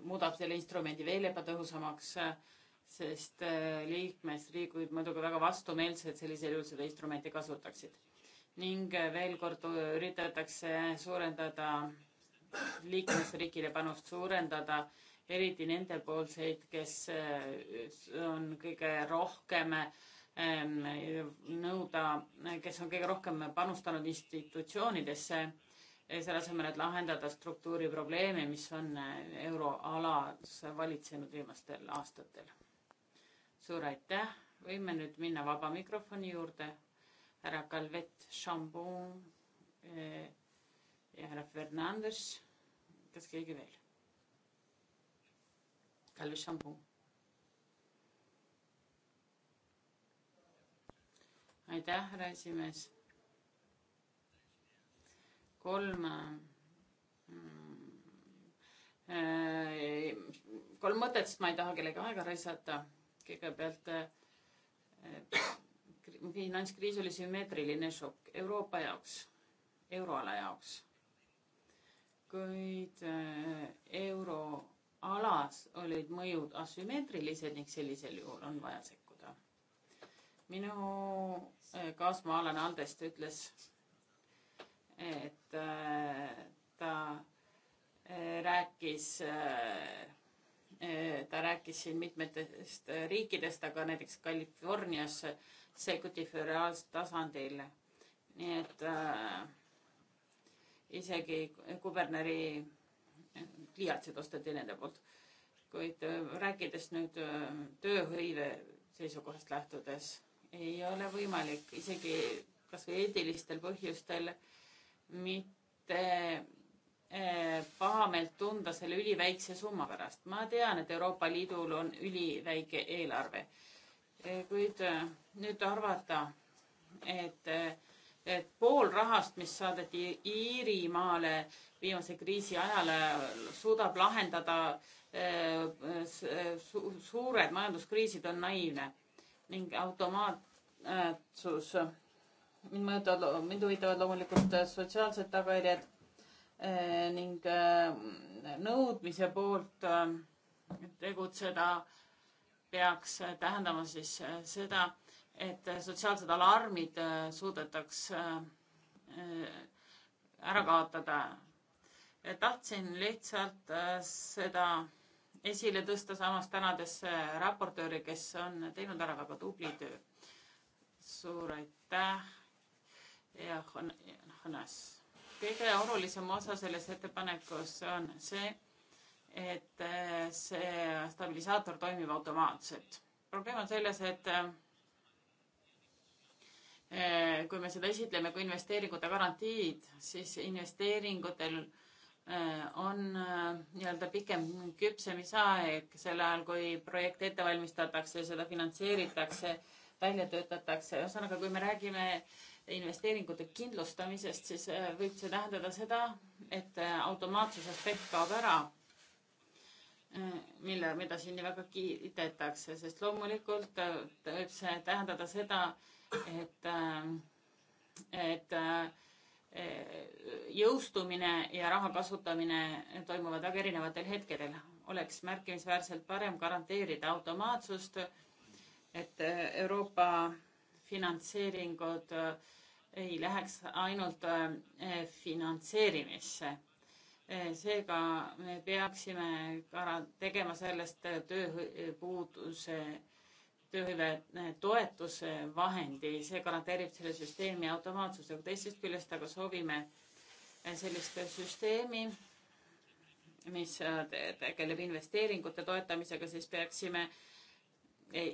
D: muudab selle instrumendi veel ebatõhusamaks, sest liikmesriigid muidugi väga vastumeelsed sellisel juhul seda instrumenti kasutaksid. ning veel kord üritatakse suurendada liikmesriikide panust suurendada, eriti nendepoolseid, kes eh, on kõige rohkem ehm, nõuda, kes on kõige rohkem panustanud institutsioonidesse, eh, selle asemel, et lahendada struktuuriprobleeme, mis on eh, euroalas valitsenud viimastel aastatel. suur aitäh, võime nüüd minna vaba mikrofoni juurde. härra Calvet Chambon eh, ja härra Fernandes. kas keegi veel? Kalvi Šambu. aitäh, härra esimees. kolm kolm mõtet, sest ma ei taha kellegi aega raisata. kõigepealt finantskriis oli sümmeetriline šokk Euroopa jaoks, euroala jaoks kuid äh, euroalas olid mõjud asümmeetrilised ning sellisel juhul on vaja sekkuda. minu äh, kaasmaalane Aldest ütles, et äh, ta rääkis, ta rääkis siin mitmetest riikidest, aga näiteks Californias sekkuti föderaalsel tasandil. nii et äh, isegi kuberneri pliiatsid osteti nende poolt. kuid äh, rääkides nüüd äh, tööhõive seisukohast lähtudes, ei ole võimalik isegi kasvõi eetilistel põhjustel mitte äh, pahameelt tunda selle üliväikse summa pärast. ma tean, et Euroopa Liidul on üliväike eelarve. kuid nüüd arvata, et et pool rahast, mis saadeti Iirimaale viimase kriisi ajal, suudab lahendada eh, su suured majanduskriisid, on naiivne ning automaatsus. mind mõjutavad, mind huvitavad loomulikult sotsiaalsed tagajärjed eh, ning eh, nõudmise poolt tegutseda peaks tähendama siis seda, et äh, sotsiaalsed alarmid äh, suudetaks äh, ära kaotada. tahtsin lihtsalt seda esile tõsta, samas tänades raportööri, kes on teinud ära väga tubli töö. suur aitäh ja Hannes. kõige olulisem osa selles ettepanekus on see, et see stabilisaator toimib automaatselt. probleem on selles, et Eh, kui me seda esitleme kui investeeringute garantiid, siis investeeringutel eh, on eh, nii-öelda pikem küpsemisaeg sel ajal, kui projekte ette valmistatakse, seda finantseeritakse, välja töötatakse. ühesõnaga, kui me räägime investeeringute kindlustamisest, siis võib see tähendada seda, et automaatsuse aspekt kaob ära, mille, mida siin nii väga kiidetakse, sest loomulikult võib see tähendada seda, et et, ähm, et äh, jõustumine ja raha kasutamine toimuvad väga erinevatel hetkedel. oleks märkimisväärselt parem garanteerida automaatsust, et äh, Euroopa finantseeringud äh, ei läheks ainult finantseerimisse. seega me peaksime tegema sellest tööpuuduse tööle eh, toetusvahendi, see garanteerib selle süsteemi automaatsuse, aga teisest küljest aga soovime eh, sellist süsteemi, mis eh, tegeleb investeeringute toetamisega, siis peaksime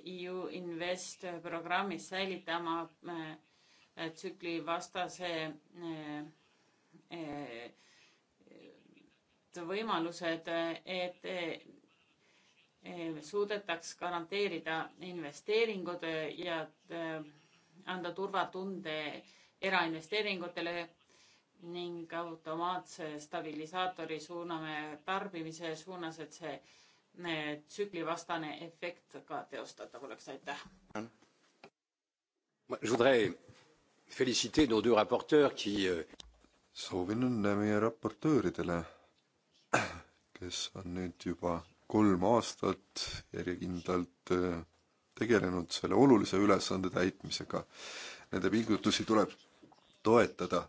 D: EU e Invest programmis säilitama tsükli vastase võimalused, et Eh, suudetaks garanteerida investeeringud eh, ja eh, anda turvatunde erainvesteeringutele ning automaatse stabilisaatori suuname tarbimise suunas, et see tsüklivastane efekt ka teostatav oleks, aitäh.
E: Euh,
A: soovin õnne meie raportööridele, kes on nüüd juba kolm aastat järjekindlalt äh, tegelenud selle olulise ülesande täitmisega. Nende pingutusi tuleb toetada.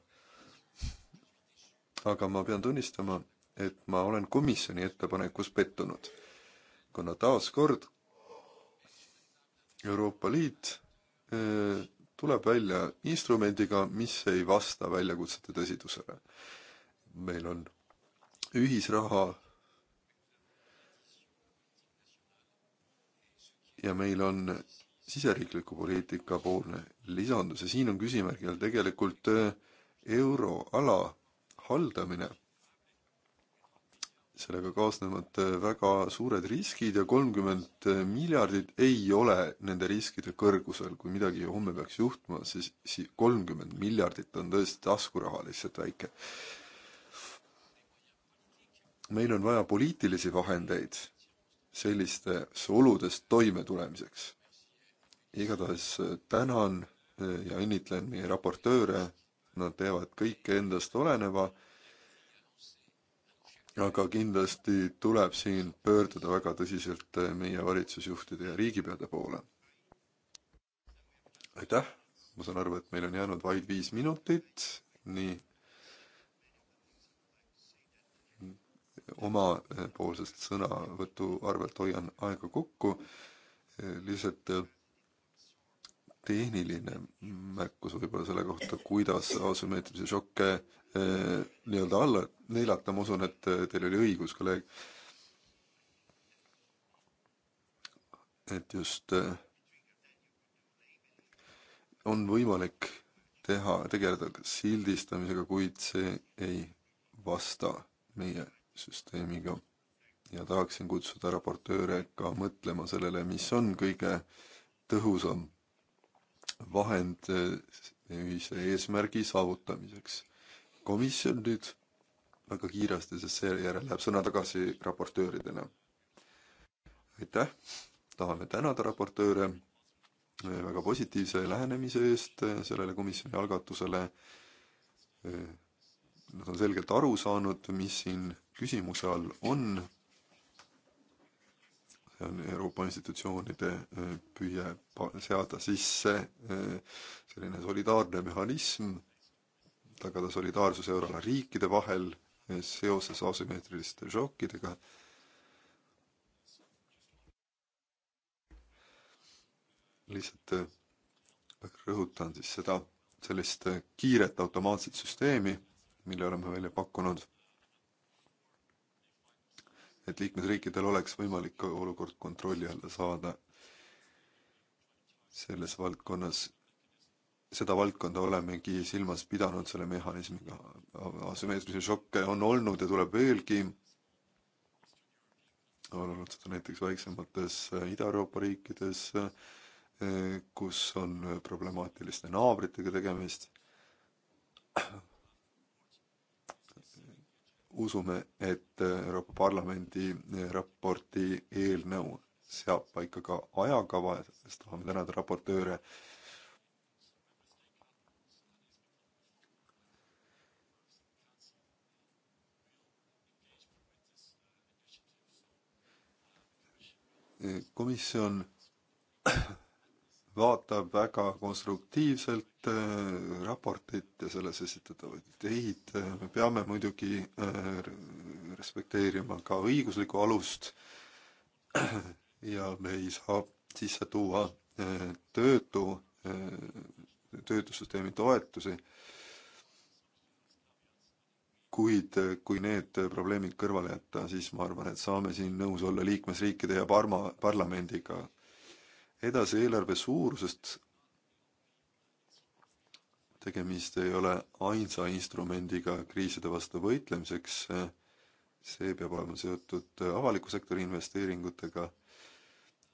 A: aga ma pean tunnistama, et ma olen komisjoni ettepanekus pettunud, kuna taaskord Euroopa Liit äh, tuleb välja instrumendiga, mis ei vasta väljakutsete tõsidusele. meil on ühisraha ja meil on siseriikliku poliitika poolne lisandus ja siin on küsimärgi all tegelikult äh, euroala haldamine. sellega kaasnevad äh, väga suured riskid ja kolmkümmend äh, miljardit ei ole nende riskide kõrgusel, kui midagi homme peaks juhtuma, siis kolmkümmend miljardit on tõesti taskuraha lihtsalt väike. meil on vaja poliitilisi vahendeid sellistes oludes toimetulemiseks. igatahes äh, tänan äh, ja õnnitlen meie raportööre, nad teevad kõike endast oleneva, aga kindlasti tuleb siin pöörduda väga tõsiselt äh, meie valitsusjuhtide ja riigipeade poole. aitäh, ma saan aru, et meil on jäänud vaid viis minutit, nii omapoolsest sõnavõtu arvelt hoian aega kokku. lihtsalt äh, tehniline märkus võib-olla selle kohta, kuidas asümmeetrilisi šokke äh, nii-öelda alla neelata, ma usun, et äh, teil oli õigus, kolleeg. et just on võimalik teha, tegeleda sildistamisega, kuid see ei vasta meie süsteemiga ja tahaksin kutsuda raportööre ka mõtlema sellele, mis on kõige tõhusam vahend eh, ühise eesmärgi saavutamiseks. komisjon nüüd väga kiiresti, sest seejärel läheb sõna tagasi raportööridele. aitäh, tahame tänada raportööre eh, väga positiivse lähenemise eest eh, sellele komisjoni algatusele Nad on selgelt aru saanud, mis siin küsimuse all on. see on Euroopa institutsioonide e, püüe seada sisse e, selline solidaarne mehhanism, tagada solidaarsus euroala riikide vahel e, seoses asümmeetriliste šokkidega lihtsalt rõhutan siis seda, sellist kiiret automaatset süsteemi, mille oleme välja pakkunud. et liikmesriikidel oleks võimalik olukord kontrolli alla saada selles valdkonnas. seda valdkonda olemegi silmas pidanud selle mehhanismiga. asümmeetrilisi šokke on olnud ja tuleb veelgi. on olnud seda näiteks väiksemates Ida-Euroopa riikides, eh, kus on problemaatiliste naabritega tegemist usume, et äh, Euroopa Parlamendi äh, raporti eelnõu seab paika ka ajakava ja sellest tahame tänada raportööre. Äh, komisjon vaatab väga konstruktiivselt äh, raportit ja selles esitatavaid ideid. Äh, me peame muidugi äh, respekteerima ka õiguslikku alust ja me ei saa sisse tuua töötu, töötussüsteemi toetusi kuid kui need probleemid kõrvale jätta, siis ma arvan, et saame siin nõus olla liikmesriikide ja parma, parlamendiga, edasi eelarve suurusest. tegemist ei ole ainsa instrumendiga kriiside vastu võitlemiseks. see peab olema seotud avaliku sektori investeeringutega.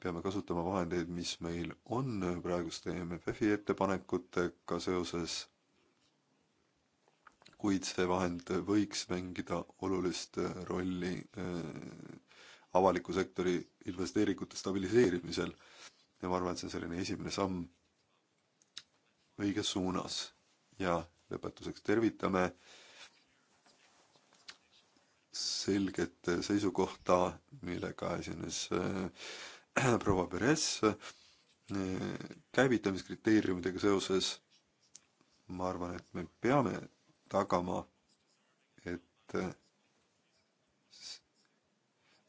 A: peame kasutama vahendeid, mis meil on praeguste MFF-i ettepanekutega seoses. kuid see vahend võiks mängida olulist rolli eh, avaliku sektori investeeringute stabiliseerimisel ja ma arvan, et see on selline esimene samm õiges suunas. ja lõpetuseks tervitame selget seisukohta, millega esines äh, proua Peres äh, käivitamiskriteeriumidega seoses. ma arvan, et me peame tagama, et äh,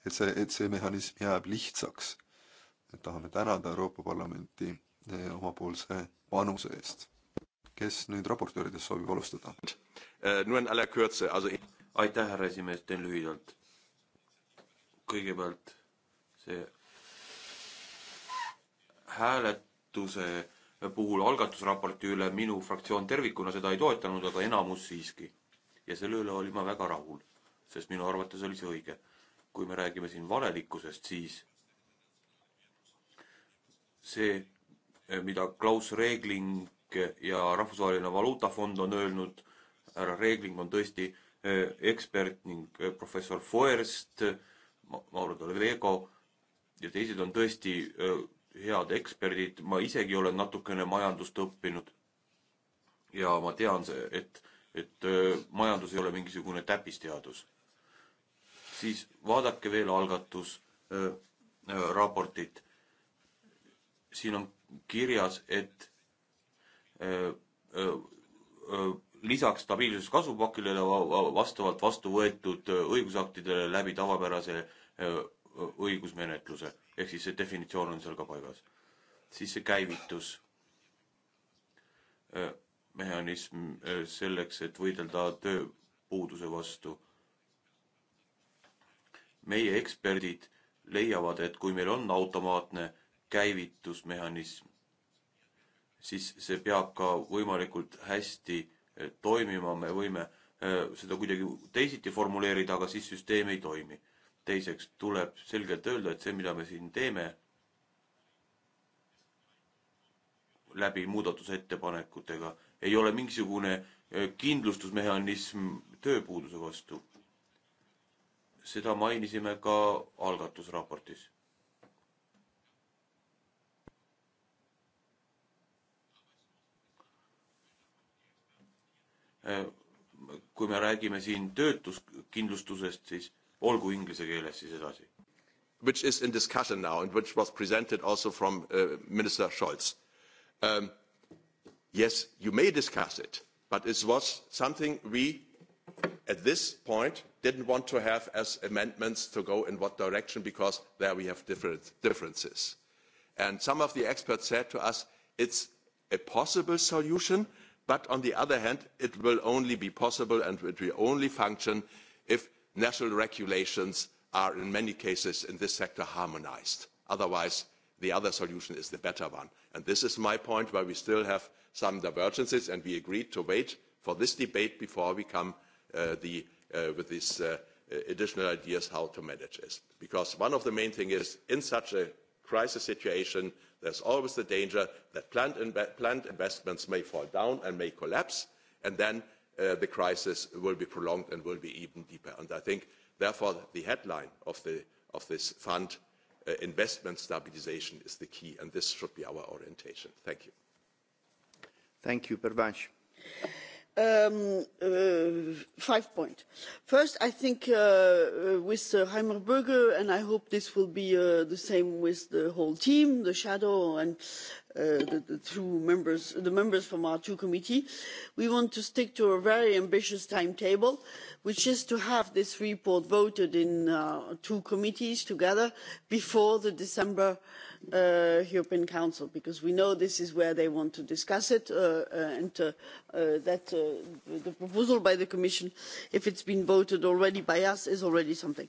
A: et see, et see mehhanism jääb lihtsaks et tahame tänada Euroopa Parlamenti eh, omapoolse panuse eest. kes nüüd raportööridest soovib alustada?
C: Eh, aitäh, härra esimees, teen lühidalt. kõigepealt see hääletuse puhul algatusraporti üle minu fraktsioon tervikuna seda ei toetanud, aga enamus siiski. ja selle üle olin ma väga rahul, sest minu arvates oli see õige. kui me räägime siin valelikkusest, siis see, eh, mida Klaus Regling eh, ja Rahvusvaheline Valuutafond on öelnud, härra Regling on tõesti eh, ekspert ning professor Foerst, Mauro Dolvego ja teised on tõesti head eksperdid, ma isegi olen natukene majandust õppinud. ja ma tean, et, et majandus ei ole mingisugune täppisteadus. siis vaadake veel algatus äh, äh, raportit siin on kirjas, et öö, äh, öö, äh, äh, lisaks stabiilsus kasvupakile vastavalt vastu võetud õigusaktidele läbi tavapärase õigusmenetluse, ehk siis see definitsioon on seal ka paigas. siis see käivitus mehhanism selleks, et võidelda tööpuuduse vastu. meie eksperdid leiavad, et kui meil on automaatne käivitusmehhanism, siis see peab ka võimalikult hästi eh, toimima, me võime eh, seda kuidagi teisiti formuleerida, aga siis süsteem ei toimi. teiseks tuleb selgelt öelda, et see, mida me siin teeme läbi muudatusettepanekutega, ei ole mingisugune eh, kindlustusmehhanism tööpuuduse vastu. seda mainisime ka algatusraportis Äh,
E: kui me räägime siin töötuskindlustusest, siis olgu inglise keeles siis edasi. Which is in discussion now and which was presented also from uh, Minister Scholz um,. Yes, you may discuss it, but it was something we at this point didn't want to have as amendments to go in what direction because there we have different differences. And some of the experts said to us, it's a possible solution, but on the other hand it will only be possible and it will only function if national regulations are in many cases in this sector harmonised otherwise the other solution is the better one and this is my point where we still have some divergences and we agreed to wait for this debate before we come uh, the, uh, with these uh, additional ideas how to manage this because one of the main things is in such a crisis situation there's always the danger that planned investments may fall down and may collapse and then uh, the crisis will be prolonged and will be even deeper. And I think, therefore, the headline of, the, of this fund, uh, investment stabilisation, is the key, and this should be our orientation. Thank you.
F: Thank you, Pervanche. Um, uh, five points. First, I think uh, uh with uh, Heimer Berger, and I hope this will be uh, the same with the whole team, the shadow, and uh, the, the two members, the members from our two committee, we want to stick to a very ambitious timetable, which is to have this report voted in uh, two committees together before the December uh, uh, European Council, because we know this is where they want to discuss it, uh, uh, and uh, uh, that uh, the proposal by the Commission, if it's been voted already by us, is already something.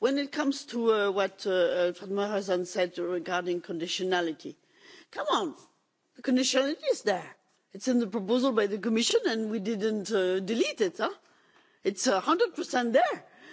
F: When it comes to uh, what uh, uh Alfred Morazan said regarding conditionality, come on, the conditionality is there. It's in the proposal by the Commission, and we didn't uh, delete it. Huh? It's 100% uh, there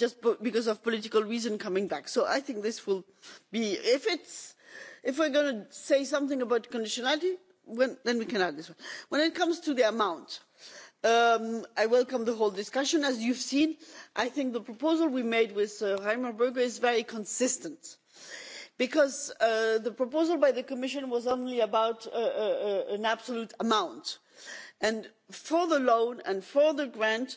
F: just because of political reasons coming back. so i think this will be if it's if we're going to say something about conditionality when, then we can add this one. when it comes to the amount um, i welcome the whole discussion. as you've seen i think the proposal we made with uh, reimer bge is very consistent because uh, the proposal by the commission was only about uh, uh, uh an absolute amount and for the loan and for the grant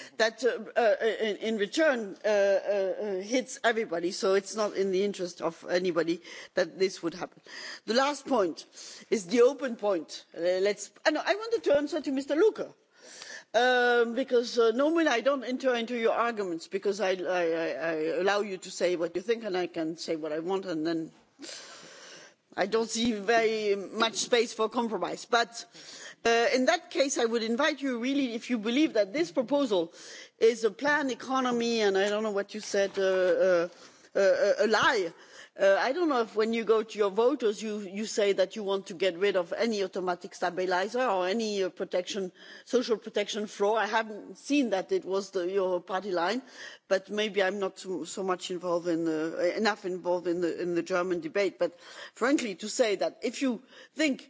F: that uh, uh, uh, in, in return uh, uh, uh hits everybody so it is not in the interest of anybody that this would happen. the last point is the open point. No, i wanted to answer to mr louca um, because normally i do not enter into your arguments because I, I, i allow you to say what you think and i can say what i want and then i do not see very much space for compromise but Uh, in that case i would invite you really if you believe that this proposal is a planned economy and i don't know what you said uh, uh, uh, uh a lie uh, i don't know if when you go to your voters you, you say that you want to get rid of any automatic stabiliser or any protection, social protection floor. i haven't seen that it was the, your party line but maybe i'm not so, so much involved in the, enough involved in the, in the german debate but frankly to say that if you think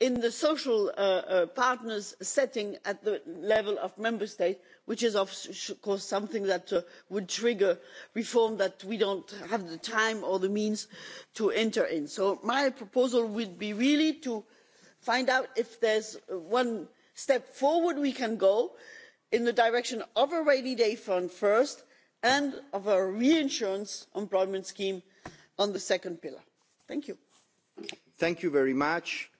F: in the social uh, uh, partners setting at the level of member states which is of course something that uh, would trigger reform that we don't have the time or the means to enter into. so my proposal would be really to find out if there's one step forward we can go in the direction of a rainy day fund first and of a reinsurance employment scheme on the second pillar. thank you.
B: thank you very much